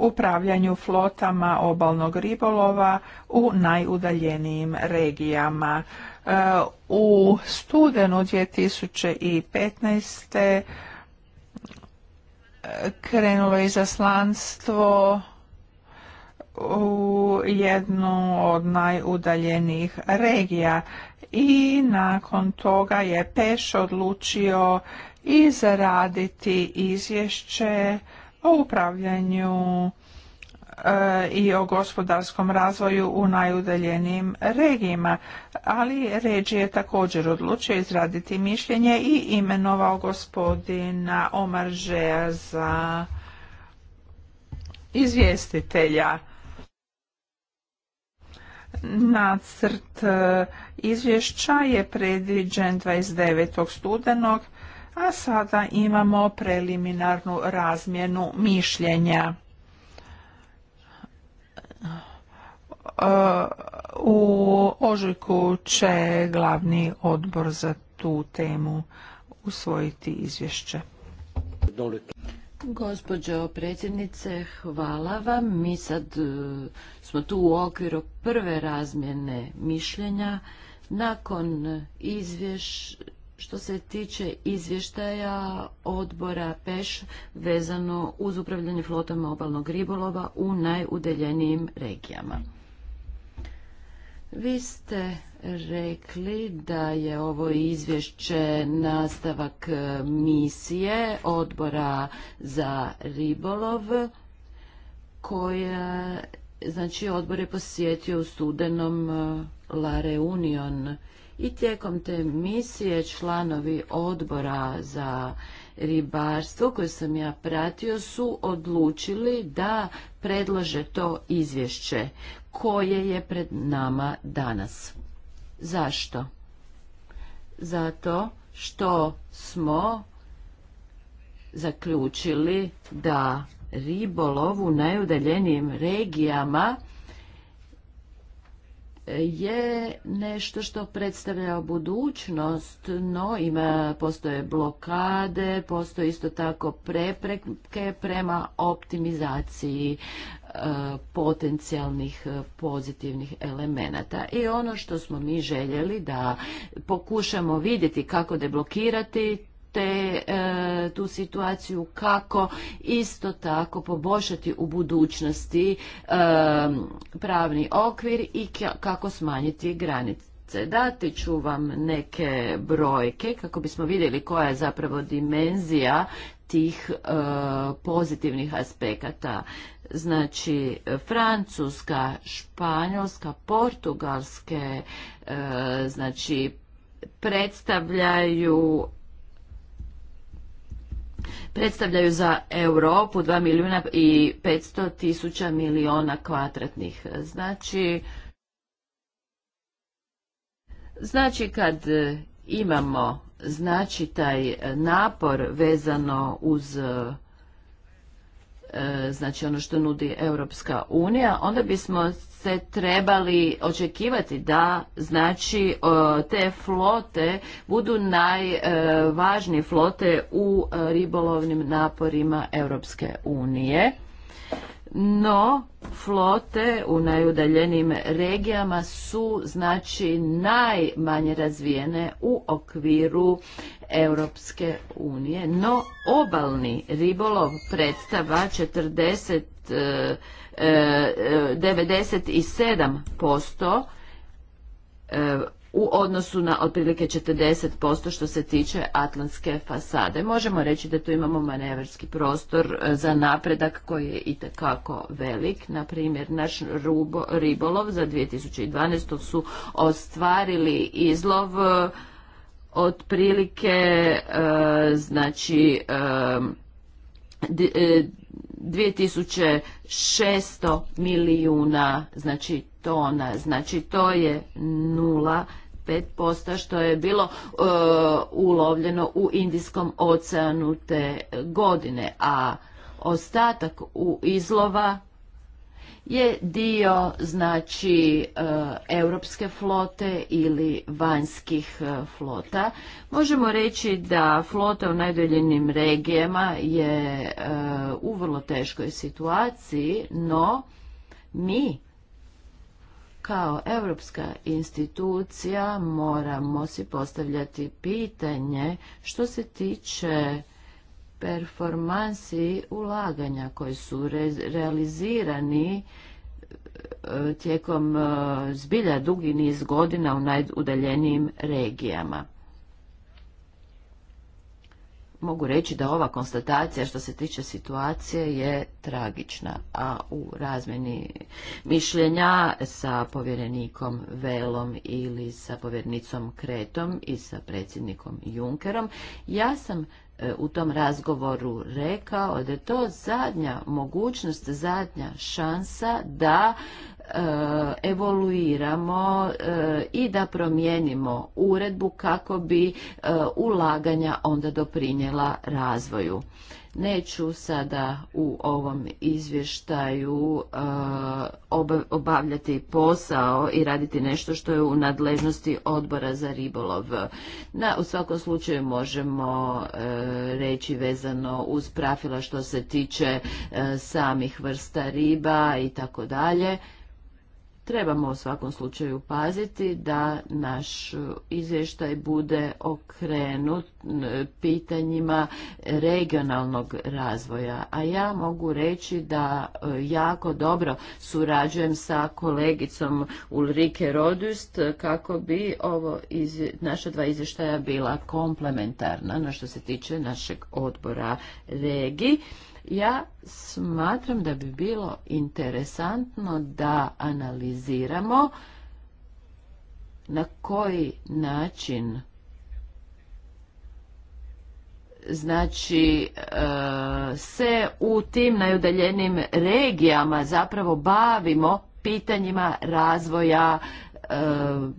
upravljanju flotama obalnog ribolova u najudaljenijim regijama. E, u studenu 2015. E, krenulo je izaslanstvo u jednu od najudaljenijih regija i nakon toga je Peš odlučio zaraditi izvješće o upravljanju e, i o gospodarskom razvoju u najudaljenijim regijima, ali Ređi je također odlučio izraditi mišljenje i imenovao gospodina Žeja za izvjestitelja. Nacrt e, izvješća je predviđen 29. studenog a sada imamo preliminarnu razmjenu mišljenja. U ožujku će glavni odbor za tu temu usvojiti izvješće. Gospođo predsjednice, hvala vam. Mi sad e, smo tu u okviru prve razmjene mišljenja. Nakon izvješća što se tiče izvještaja odbora PEŠ vezano uz upravljanje flotama obalnog ribolova u najudeljenijim regijama. Vi ste rekli da je ovo izvješće nastavak e, misije odbora za ribolov koja, znači odbor je posjetio u studenom e, La Reunion i tijekom te misije članovi odbora za ribarstvo koje sam ja pratio su odlučili da predlože to izvješće koje je pred nama danas. Zašto? Zato što smo zaključili da ribolov u najudaljenijim regijama je nešto što predstavlja budućnost, no ima, postoje blokade, postoje isto tako prepreke prema optimizaciji e, potencijalnih e, pozitivnih elemenata. I ono što smo mi željeli da pokušamo vidjeti kako deblokirati te, e, tu situaciju kako isto tako poboljšati u budućnosti e, pravni okvir i kako smanjiti granice. Dati ću vam neke brojke kako bismo vidjeli koja je zapravo dimenzija tih e, pozitivnih aspekata. Znači, Francuska, Španjolska, Portugalske, znači, predstavljaju predstavljaju za Europu 2 milijuna i 500 tisuća milijuna kvadratnih. Znači, znači kad e, imamo znači taj e, napor vezano uz e, E, znači ono što nudi Europska unija, onda bismo se trebali očekivati da znači e, te flote budu najvažnije flote u e, ribolovnim naporima Europske unije no flote u najudaljenijim regijama su znači najmanje razvijene u okviru Europske unije, no obalni ribolov predstava 40 97% e, e, e, u odnosu na otprilike 40% što se tiče atlantske fasade. Možemo reći da tu imamo manevarski prostor e, za napredak koji je itekako velik. Na primjer, naš rubo, ribolov za 2012. su ostvarili izlov e, otprilike e, znači 2600 milijuna znači tona znači to je 0,5% što je bilo e, ulovljeno u Indijskom oceanu te godine a ostatak u izlova je dio znači e, europske flote ili vanjskih e, flota. Možemo reći da flota u najdoljenim regijama je e, u vrlo teškoj situaciji, no mi kao europska institucija moramo si postavljati pitanje što se tiče performansi ulaganja koji su realizirani e, tijekom e, zbilja dugi niz godina u najudaljenijim regijama. Mogu reći da ova konstatacija što se tiče situacije je tragična, a u razmjeni mišljenja sa povjerenikom Velom ili sa povjernicom Kretom i sa predsjednikom Junkerom, ja sam E, u tom razgovoru rekao da je to zadnja mogućnost, zadnja šansa da E, evoluiramo e, i da promijenimo uredbu kako bi e, ulaganja onda doprinjela razvoju. Neću sada u ovom izvještaju obavljati posao i raditi nešto što je u nadležnosti odbora za ribolov. u svakom slučaju možemo reći vezano uz pravila što se tiče samih vrsta riba i tako dalje. Trebamo u svakom slučaju paziti da naš izvještaj bude okrenut pitanjima regionalnog razvoja. A ja mogu reći da e, jako dobro surađujem sa kolegicom Ulrike Rodust kako bi ovo iz, naša dva izvještaja bila komplementarna na što se tiče našeg odbora regiji. Ja smatram da bi bilo interesantno da analiziramo na koji način znači e, se u tim najudaljenim regijama zapravo bavimo pitanjima razvoja e,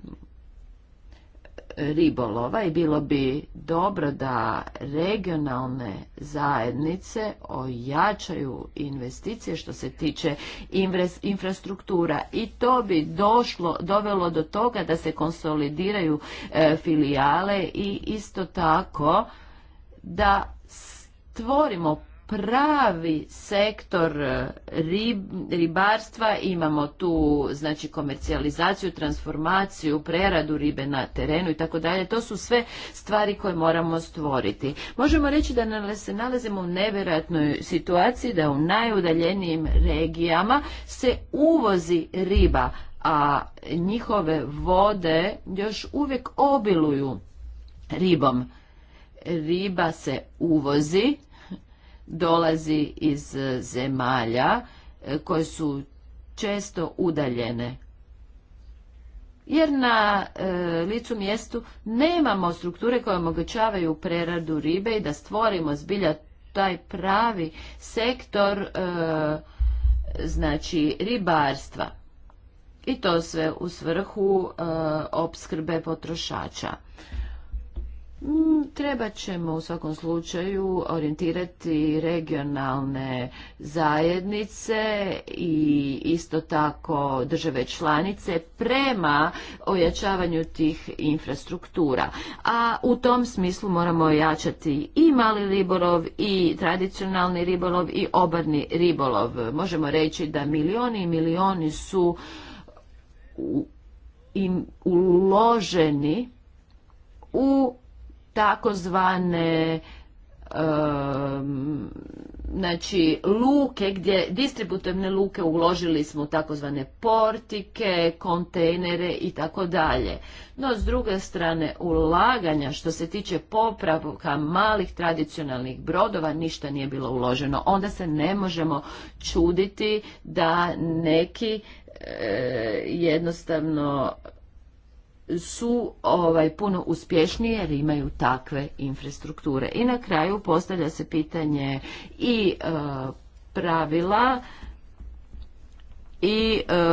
ribolova i bilo bi dobro da regionalne zajednice ojačaju investicije što se tiče infrastruktura i to bi došlo, dovelo do toga da se konsolidiraju e, filijale i isto tako da stvorimo pravi sektor e, ribarstva, imamo tu znači komercijalizaciju, transformaciju, preradu ribe na terenu i tako dalje. To su sve stvari koje moramo stvoriti. Možemo reći da se nalazimo u nevjerojatnoj situaciji da u najudaljenijim regijama se uvozi riba, a njihove vode još uvijek obiluju ribom. Riba se uvozi dolazi iz e, zemalja e, koje su često udaljene jer na e, licu mjestu nemamo strukture koje omogućavaju preradu ribe i da stvorimo zbilja taj pravi sektor e, znači ribarstva i to sve u svrhu opskrbe potrošača Mm, Treba ćemo u svakom slučaju orijentirati regionalne zajednice i isto tako države članice prema ojačavanju tih infrastruktura. A u tom smislu moramo ojačati i mali ribolov i tradicionalni ribolov i obarni ribolov. Možemo reći da milioni i milioni su uloženi u takozvane znači luke gdje distributivne luke uložili smo takozvane portike, kontejnere i tako dalje. No s druge strane ulaganja što se tiče popravka malih tradicionalnih brodova ništa nije bilo uloženo. Onda se ne možemo čuditi da neki e, jednostavno su ovaj puno uspješnije jer imaju takve infrastrukture. I na kraju postavlja se pitanje i e, pravila i e,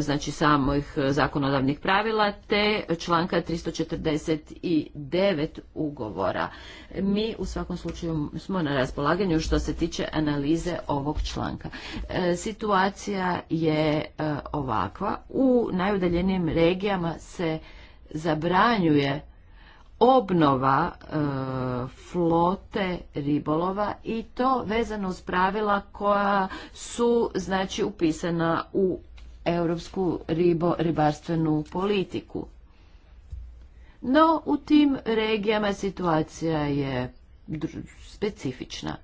znači samih zakonodavnih pravila te članka 349 ugovora. Mi u svakom slučaju smo na raspolaganju što se tiče analize ovog članka. E, situacija je e, ovakva. U najudaljenijim regijama se zabranjuje obnova e, flote ribolova i to vezano uz pravila koja su znači upisana u europsku ribo, ribarstvenu politiku. No, u tim regijama situacija je specifična.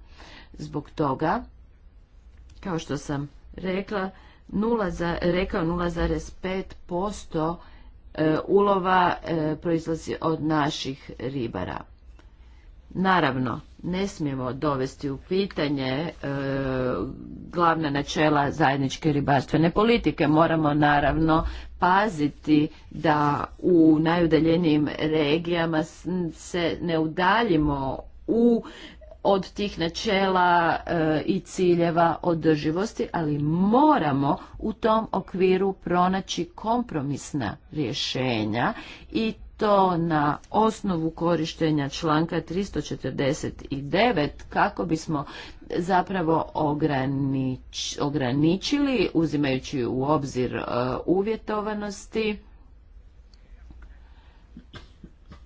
Zbog toga, kao što sam rekla, za rekao 0,5% E, ulova e, proizlazi od naših ribara. Naravno, ne smijemo dovesti u pitanje e, glavna načela zajedničke ribarstvene politike. Moramo naravno paziti da u najudaljenijim regijama se ne udaljimo u od tih načela e, i ciljeva održivosti, ali moramo u tom okviru pronaći kompromisna rješenja i to na osnovu korištenja članka 349 kako bismo zapravo ograničili uzimajući u obzir e, uvjetovanosti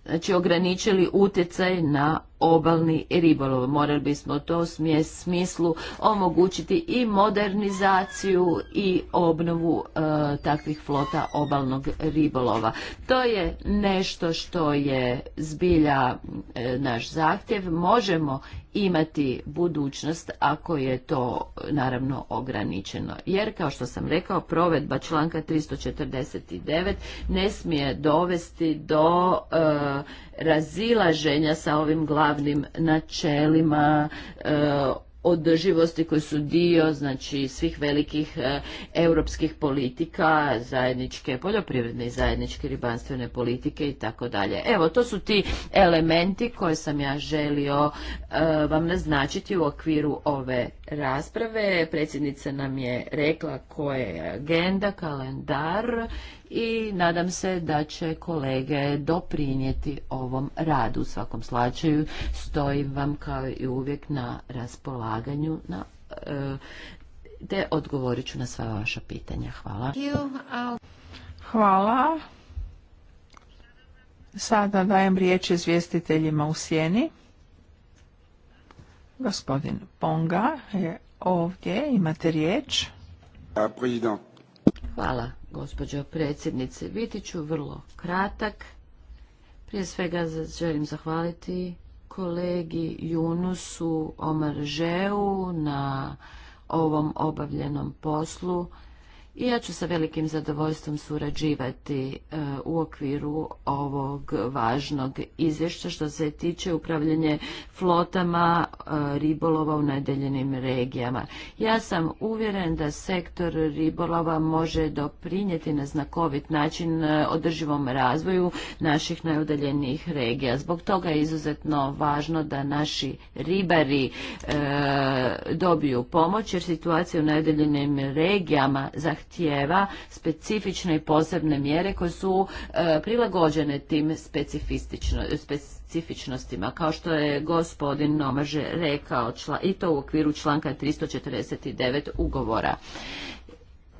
znači ograničili utjecaj na obalni ribolov. Morali bismo u tom smislu omogućiti i modernizaciju i obnovu e, takvih flota obalnog ribolova. To je nešto što je zbilja e, naš zahtjev. Možemo imati budućnost ako je to naravno ograničeno. Jer kao što sam rekao, provedba članka 349 ne smije dovesti do e, razilaženja sa ovim glavnim glavnim načelima e, održivosti koji su dio znači svih velikih e, europskih politika, zajedničke poljoprivredne i zajedničke ribanstvene politike i tako dalje. Evo, to su ti elementi koje sam ja želio e, vam naznačiti u okviru ove rasprave. Predsjednica nam je rekla koja je agenda, kalendar i nadam se da će kolege doprinijeti ovom radu. U svakom slučaju stojim vam kao i uvijek na raspolaganju na e, te odgovorit ću na sva vaša pitanja. Hvala. Hvala. Sada dajem riječ izvjestiteljima u sjeni. Gospodin Ponga je ovdje, imate riječ. Hvala gospođo predsjednice. Biti ću vrlo kratak. Prije svega želim zahvaliti kolegi Junusu Omaržeu na ovom obavljenom poslu i ja ću sa velikim zadovoljstvom surađivati e, u okviru ovog važnog izvješća što se tiče upravljanje flotama e, ribolova u nadeljenim regijama. Ja sam uvjeren da sektor ribolova može doprinijeti na znakovit način e, održivom razvoju naših najudaljenijih regija. Zbog toga je izuzetno važno da naši ribari dobiju pomoć jer situacija u nedeljenim regijama zahtjeva zahtjeva specifične i posebne mjere koje su e, prilagođene tim specifičnostima, kao što je gospodin Nomaže rekao, i to u okviru članka 349 ugovora.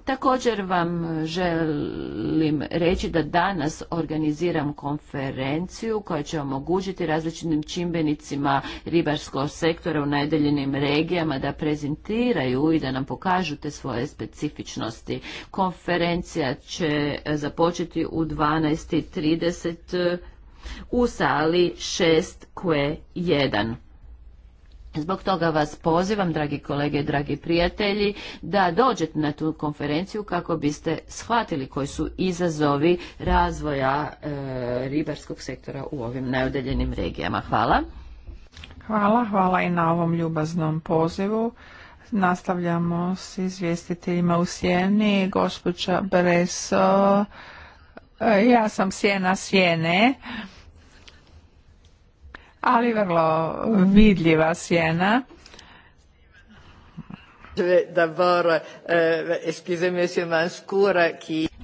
Također vam želim reći da danas organiziram konferenciju koja će omogućiti različitim čimbenicima ribarskog sektora u najdeljenim regijama da prezentiraju i da nam pokažu te svoje specifičnosti. Konferencija će započeti u 12.30 u sali 6 koje 1. Zbog toga vas pozivam, dragi kolege i dragi prijatelji, da dođete na tu konferenciju kako biste shvatili koji su izazovi razvoja e, ribarskog sektora u ovim najudeljenim regijama. Hvala. Hvala, hvala i na ovom ljubaznom pozivu. Nastavljamo s izvjestiteljima u Sjeni, gospođa Breso, e, ja sam Sjena Sjene ali vrlo vidljiva sjena. Eh,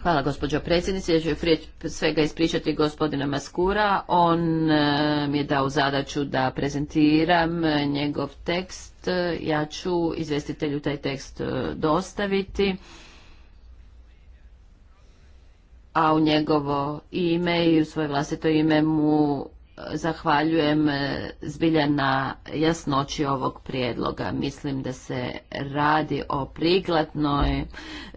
Hvala gospođo predsjednice. Ja ću prije svega ispričati gospodina Maskura. On eh, mi je dao zadaću da prezentiram eh, njegov tekst. Ja ću izvestitelju taj tekst dostaviti. A u njegovo ime i u svoje vlastito ime mu zahvaljujem e, zbilja na jasnoći ovog prijedloga. Mislim da se radi o priglatnoj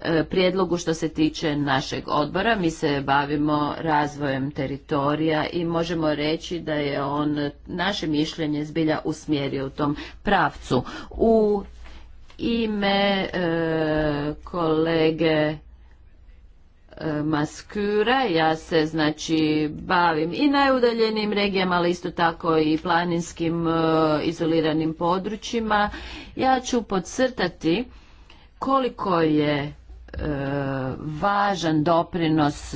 e, prijedlogu što se tiče našeg odbora. Mi se bavimo razvojem teritorija i možemo reći da je on naše mišljenje zbilja usmjerio u tom pravcu. U ime e, kolege E, maskura, ja se znači bavim i najudaljenim regijama, ali isto tako i planinskim e, izoliranim područjima. Ja ću podcrtati koliko je e, važan doprinos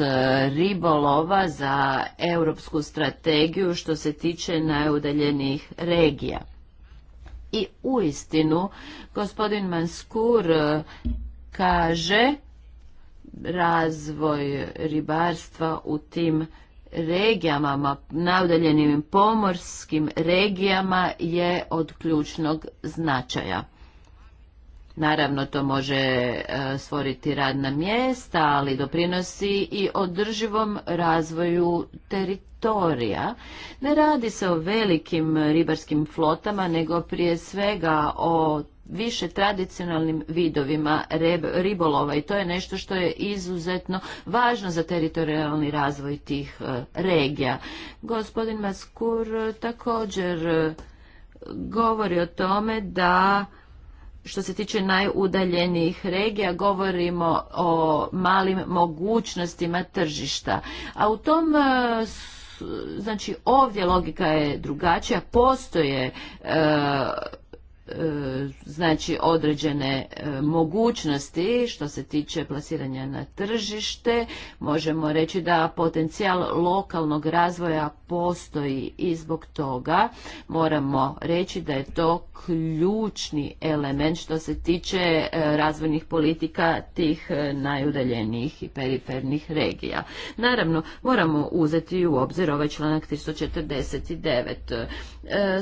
ribolova za europsku strategiju što se tiče najudaljenih regija. I u istinu, gospodin Manskur kaže razvoj ribarstva u tim regijama, udaljenim pomorskim regijama je od ključnog značaja. Naravno, to može e, stvoriti radna mjesta, ali doprinosi i održivom razvoju teritorija. Ne radi se o velikim ribarskim flotama, nego prije svega o više tradicionalnim vidovima ribolova i to je nešto što je izuzetno važno za teritorijalni razvoj tih e, regija. Gospodin Maskur e, također e, govori o tome da što se tiče najudaljenijih regija govorimo o malim mogućnostima tržišta. A u tom znači ovdje logika je drugačija, postoje E, znači određene e, mogućnosti što se tiče plasiranja na tržište. Možemo reći da potencijal lokalnog razvoja postoji i zbog toga moramo reći da je to ključni element što se tiče e, razvojnih politika tih najudaljenijih i perifernih regija. Naravno, moramo uzeti u obzir ovaj članak 349.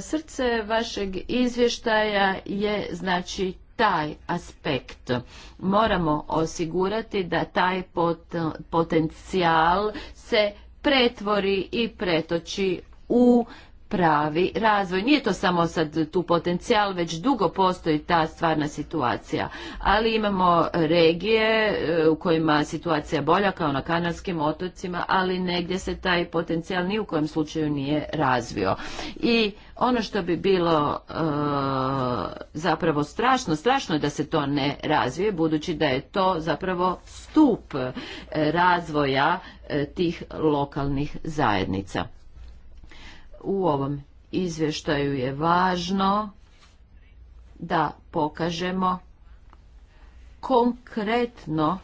Srce vašeg izvještaja je znači taj aspekt. Moramo osigurati da taj pot, potencijal se pretvori i pretoči u pravi razvoj. Nije to samo sad tu potencijal, već dugo postoji ta stvarna situacija. Ali imamo regije e, u kojima situacija bolja, kao na Kanadskim otocima, ali negdje se taj potencijal ni u kojem slučaju nije razvio. I ono što bi bilo e, zapravo strašno, strašno je da se to ne razvije, budući da je to zapravo stup e, razvoja tih lokalnih zajednica u ovom izvještaju je važno da pokažemo konkretno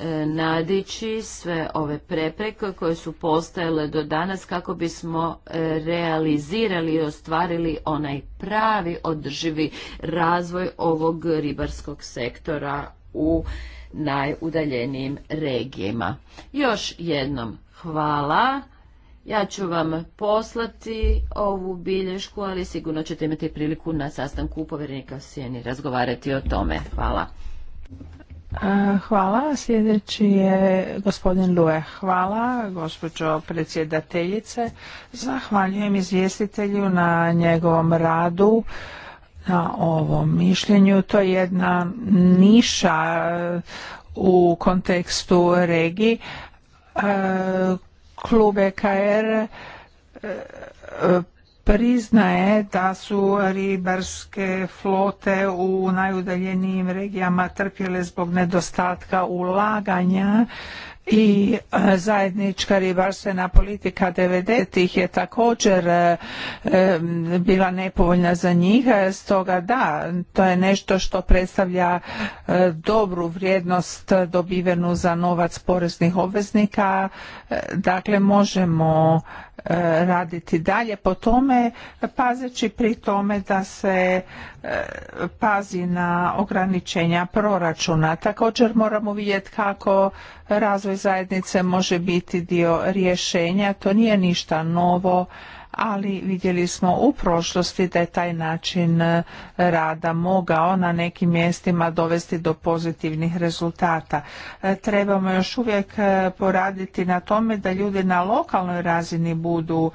e, nadići sve ove prepreke koje su postajale do danas kako bismo e, realizirali i ostvarili onaj pravi održivi razvoj ovog ribarskog sektora u najudaljenijim regijima. Još jednom hvala ja ću vam poslati ovu bilješku, ali sigurno ćete imati priliku na sastanku povjerenika Sjeni razgovarati o tome. Hvala. Hvala. Sljedeći je gospodin Lue. Hvala, gospođo predsjedateljice. Zahvaljujem izvjestitelju na njegovom radu na ovom mišljenju. To je jedna niša e, u kontekstu regiji e, klub EKR priznaje da su ribarske flote u najudaljenijim regijama trpjele zbog nedostatka ulaganja i e, zajednička ribarstvena politika 90-ih je također e, e, bila nepovoljna za njih, stoga da, to je nešto što predstavlja dobru vrijednost dobivenu za novac poreznih obveznika, dakle možemo raditi dalje po tome pazeći pri tome da se pazi na ograničenja proračuna. Također moramo vidjeti kako razvoj zajednice može biti dio rješenja. To nije ništa novo, ali vidjeli smo u prošlosti da je taj način e, rada mogao na nekim mjestima dovesti do pozitivnih rezultata. E, trebamo još uvijek e, poraditi na tome da ljudi na lokalnoj razini budu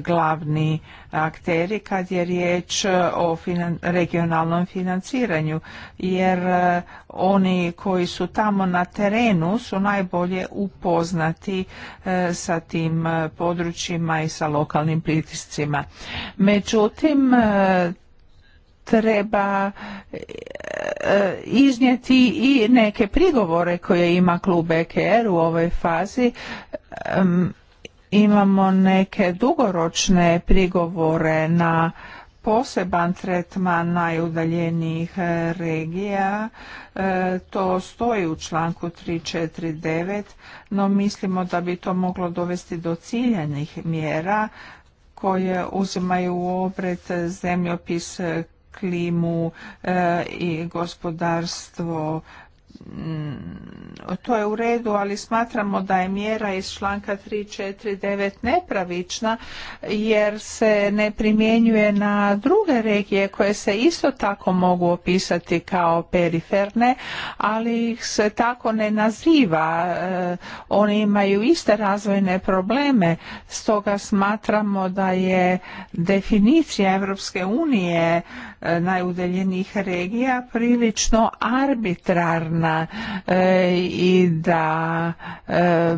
glavni akteri kad je riječ o regionalnom financiranju jer e, oni koji su tamo na terenu su najbolje upoznati e, sa tim e, područjima i sa lokalnim pritiscima. Međutim, treba iznijeti i neke prigovore koje ima klub EKR u ovoj fazi imamo neke dugoročne prigovore na poseban tretman najudaljenijih e, regija. E, to stoji u članku 349, no mislimo da bi to moglo dovesti do ciljanih mjera koje uzimaju u obret zemljopis klimu e, i gospodarstvo Mm, to je u redu, ali smatramo da je mjera iz članka 349 nepravična jer se ne primjenjuje na druge regije koje se isto tako mogu opisati kao periferne, ali ih se tako ne naziva. E, oni imaju iste razvojne probleme, stoga smatramo da je definicija Europske unije E, najudaljenijih regija prilično arbitrarna e, i da e,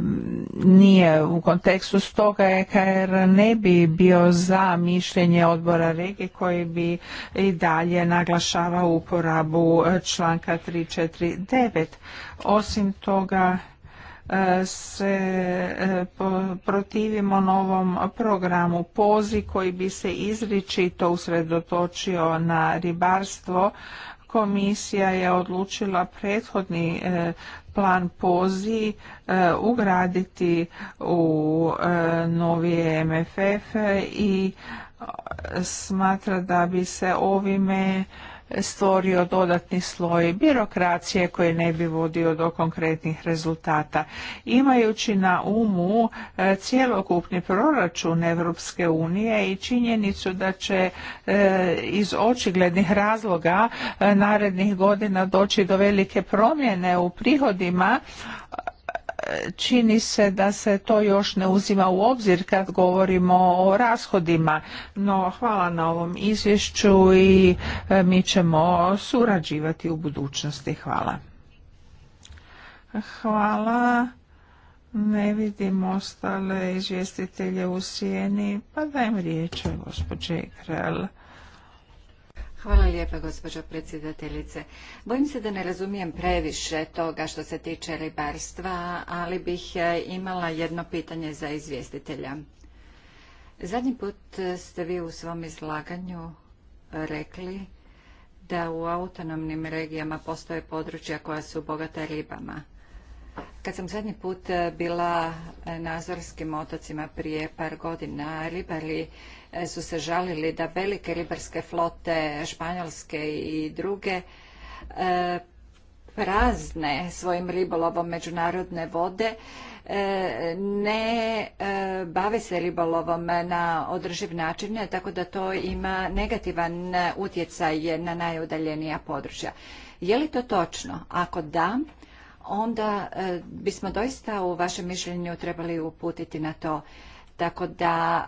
nije u kontekstu stoga EKR ne bi bio za mišljenje odbora regije koji bi i dalje naglašavao uporabu članka 349. Osim toga E, se e, protivimo novom programu POZI koji bi se izričito usredotočio na ribarstvo. Komisija je odlučila prethodni e, plan POZI ugraditi u novi MFF i smatra da bi se ovime stvorio dodatni sloj birokracije koji ne bi vodio do konkretnih rezultata. Imajući na umu e, cjelokupni proračun Europske unije i činjenicu da će e, iz očiglednih razloga e, narednih godina doći do velike promjene u prihodima, čini se da se to još ne uzima u obzir kad govorimo o rashodima. No hvala na ovom izvješću i e, mi ćemo surađivati u budućnosti. Hvala. Hvala. Ne vidim ostale izvjestitelje u sjeni, pa dajem riječ gospođe Krell. Hvala lijepa, gospođo predsjedateljice. Bojim se da ne razumijem previše toga što se tiče ribarstva, ali bih e, imala jedno pitanje za izvjestitelja. Zadnji put ste vi u svom izlaganju rekli da u autonomnim regijama postoje područja koja su bogata ribama. Kad sam zadnji put bila na Azorskim otocima prije par godina, ribari E, su se žalili da velike ribarske flote Španjolske i druge e, prazne svojim ribolovom međunarodne vode e, ne bave se ribolovom na održiv način, tako da to ima negativan utjecaj na najudaljenija područja. Je li to točno? Ako da, onda bismo doista u vašem mišljenju trebali uputiti na to tako da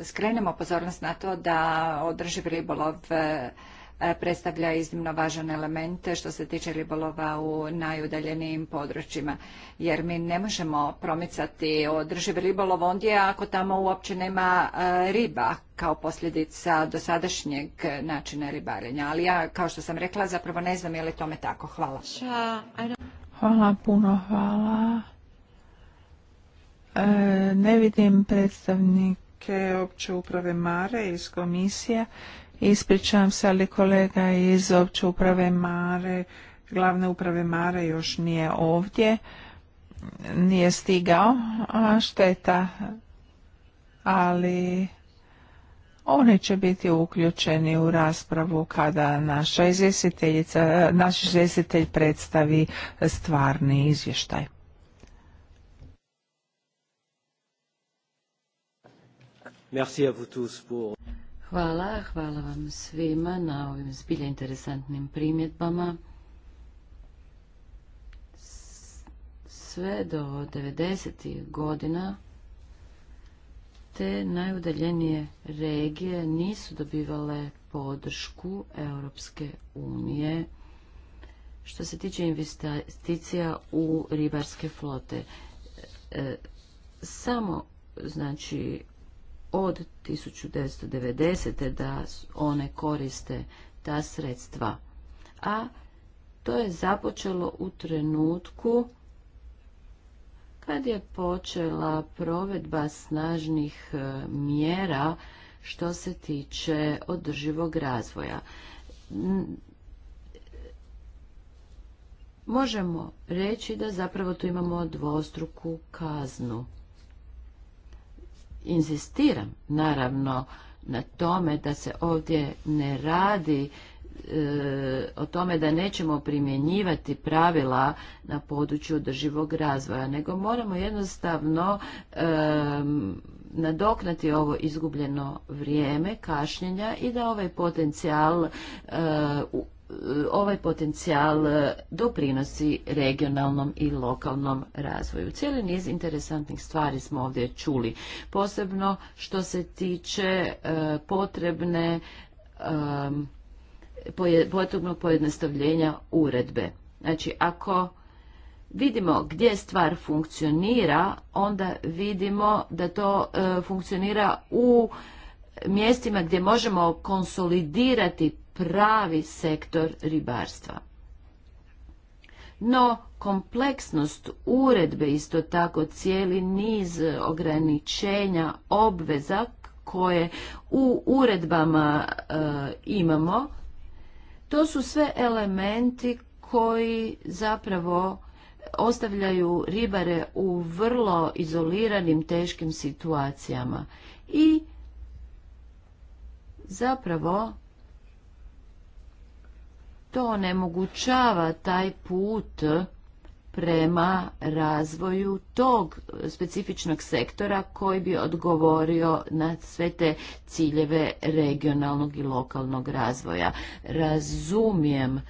e, skrenemo pozornost na to da održiv ribolov e, predstavlja iznimno važan element što se tiče ribolova u najudaljenijim područjima. Jer mi ne možemo promicati održiv ribolov ondje ako tamo uopće nema e, riba kao posljedica dosadašnjeg načina ribarenja. Ali ja, kao što sam rekla, zapravo ne znam je li tome tako. Hvala. Hvala, puno hvala. E, ne vidim predstavnike opće uprave Mare iz komisije. Ispričavam se, ali kolega iz opće uprave Mare, glavne uprave Mare još nije ovdje. Nije stigao, šteta. Ali oni će biti uključeni u raspravu kada naša naš izvjestitelj predstavi stvarni izvještaj. Hvala, hvala vam svima na ovim zbilje interesantnim primjedbama. Sve do 90. godina te najudaljenije regije nisu dobivale podršku Europske unije što se tiče investicija u ribarske flote. E, samo znači od 1990. da one koriste ta sredstva. A to je započelo u trenutku kad je počela provedba snažnih e, mjera što se tiče održivog razvoja. Možemo reći da zapravo tu imamo dvostruku kaznu inzistiram naravno na tome da se ovdje ne radi e, o tome da nećemo primjenjivati pravila na području održivog razvoja, nego moramo jednostavno e, nadoknati ovo izgubljeno vrijeme kašnjenja i da ovaj potencijal e, ovaj potencijal e, doprinosi regionalnom i lokalnom razvoju. Cijeli niz interesantnih stvari smo ovdje čuli, posebno što se tiče e, potrebne potrebnog pojednostavljenja uredbe. Znači, ako vidimo gdje stvar funkcionira, onda vidimo da to e, funkcionira u mjestima gdje možemo konsolidirati pravi sektor ribarstva. No, kompleksnost uredbe isto tako cijeli niz ograničenja obveza koje u uredbama e, imamo, to su sve elementi koji zapravo ostavljaju ribare u vrlo izoliranim teškim situacijama i zapravo to onemogućava taj put prema razvoju tog specifičnog sektora koji bi odgovorio na sve te ciljeve regionalnog i lokalnog razvoja. Razumijem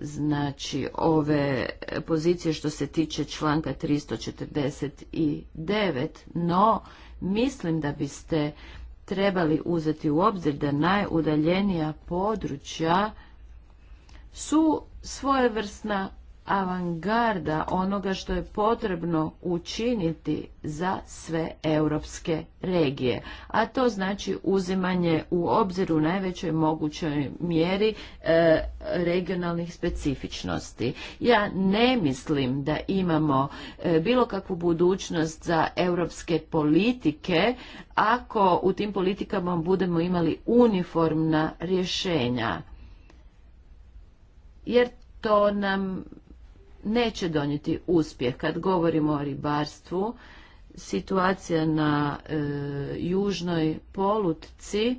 znači ove pozicije što se tiče članka 349, no mislim da biste trebali uzeti u obzir da najudaljenija područja su svojevrsna avangarda onoga što je potrebno učiniti za sve europske regije, a to znači uzimanje u obzir u najvećoj mogućoj mjeri e, regionalnih specifičnosti. Ja ne mislim da imamo e, bilo kakvu budućnost za europske politike ako u tim politikama budemo imali uniformna rješenja jer to nam neće donijeti uspjeh. Kad govorimo o ribarstvu, situacija na e, južnoj polutci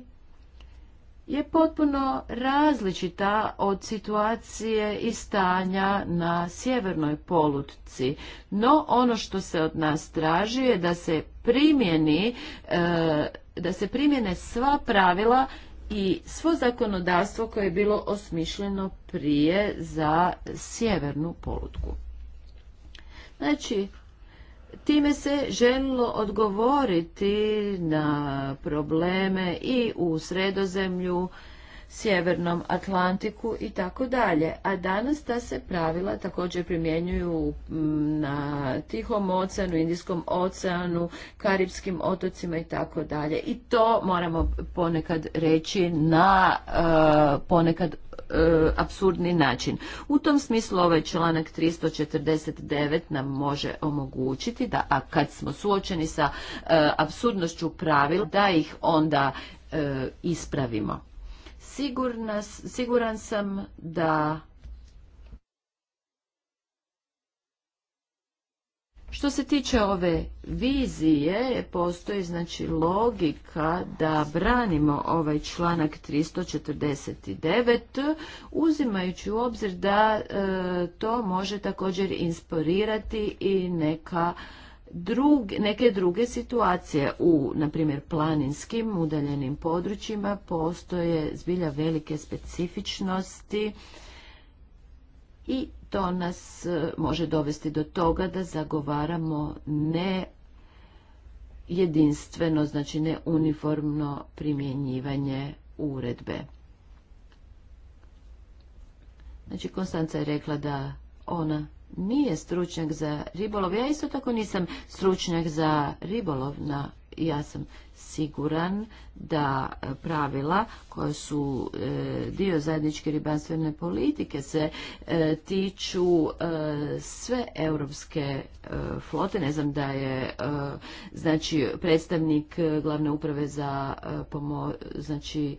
je potpuno različita od situacije i stanja na sjevernoj polutci. No, ono što se od nas traži je da se primjeni e, da se primjene sva pravila i svo zakonodavstvo koje je bilo osmišljeno prije za sjevernu polutku. Znači, time se želilo odgovoriti na probleme i u sredozemlju, Sjevernom Atlantiku i tako dalje. A danas ta se pravila također primjenjuju mm, na Tihom oceanu, Indijskom oceanu, Karibskim otocima i tako dalje. I to moramo ponekad reći na e, ponekad e, apsurdni način. U tom smislu ovaj članak 349 nam može omogućiti da a kad smo suočeni sa e, apsurdnošću pravil da ih onda ispravimo siguran sam da Što se tiče ove vizije, postoji znači logika da branimo ovaj članak 349, uzimajući u obzir da e, to može također inspirirati i neka drug, neke druge situacije u, na primjer, planinskim udaljenim područjima postoje zbilja velike specifičnosti i to nas e, može dovesti do toga da zagovaramo ne jedinstveno, znači ne uniformno primjenjivanje uredbe. Znači, Konstanca je rekla da ona nije stručnjak za ribolov. Ja isto tako nisam stručnjak za ribolov. Na, ja sam siguran da pravila koje su e, dio zajedničke ribanstvene politike se e, tiču e, sve europske flote. Ne znam da je znači predstavnik glavne uprave za pomo znači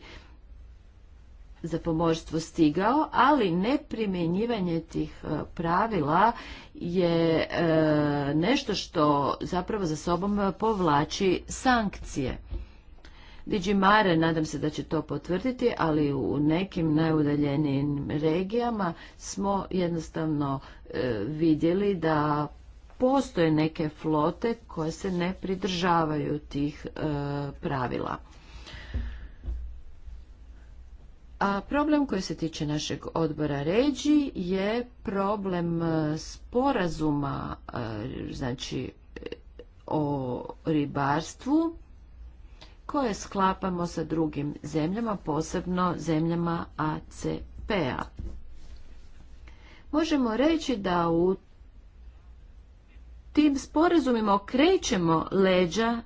za pomorstvo stigao, ali neprimjenjivanje tih e, pravila je e, nešto što zapravo za sobom povlači sankcije. Digi Mare, nadam se da će to potvrditi, ali u nekim najudaljenijim regijama smo jednostavno e, vidjeli da postoje neke flote koje se ne pridržavaju tih pravila. A problem koji se tiče našeg odbora ređi je problem e, sporazuma e, znači o ribarstvu koje sklapamo sa drugim zemljama, posebno zemljama ACP-a. Možemo reći da u tim sporazumima okrećemo leđa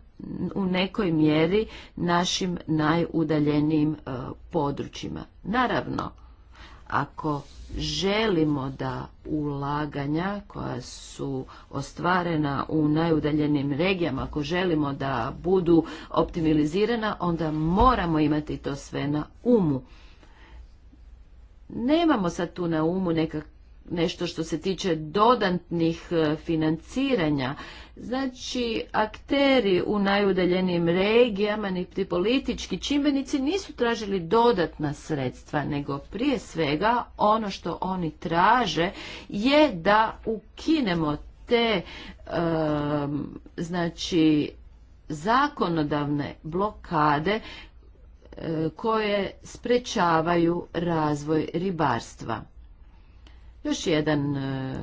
u nekoj mjeri našim najudaljenijim e, područjima. Naravno, ako želimo da ulaganja koja su ostvarena u najudaljenim regijama, ako želimo da budu optimizirana, onda moramo imati to sve na umu nemamo sad tu na umu nekak, nešto što se tiče dodatnih e, financiranja. Znači, akteri u najudaljenijim regijama, niti politički čimbenici nisu tražili dodatna sredstva, nego prije svega ono što oni traže je da ukinemo te znači zakonodavne blokade e, koje sprečavaju razvoj ribarstva. Još jedan, e,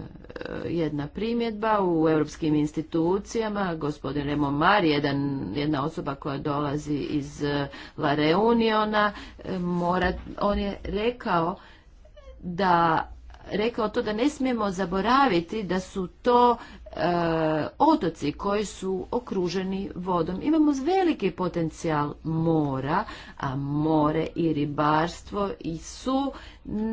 jedna primjedba u europskim institucijama, gospodin Remo Mar, jedan, jedna osoba koja dolazi iz e, La Reuniona, e, mora, on je rekao da rekao to da ne smijemo zaboraviti da su to E, otoci koji su okruženi vodom. Imamo veliki potencijal mora, a more i ribarstvo i su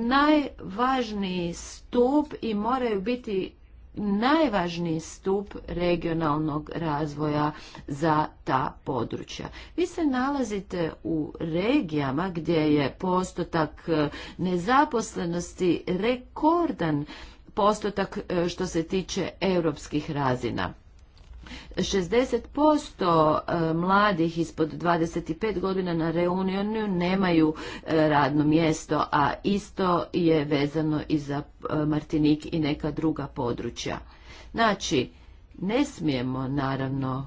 najvažniji stup i moraju biti najvažniji stup regionalnog razvoja za ta područja. Vi se nalazite u regijama gdje je postotak nezaposlenosti rekordan postotak e, što se tiče europskih razina. 60% e, mladih ispod 25 godina na reunionu nemaju e, radno mjesto, a isto je vezano i za Martinik i neka druga područja. Znači, ne smijemo naravno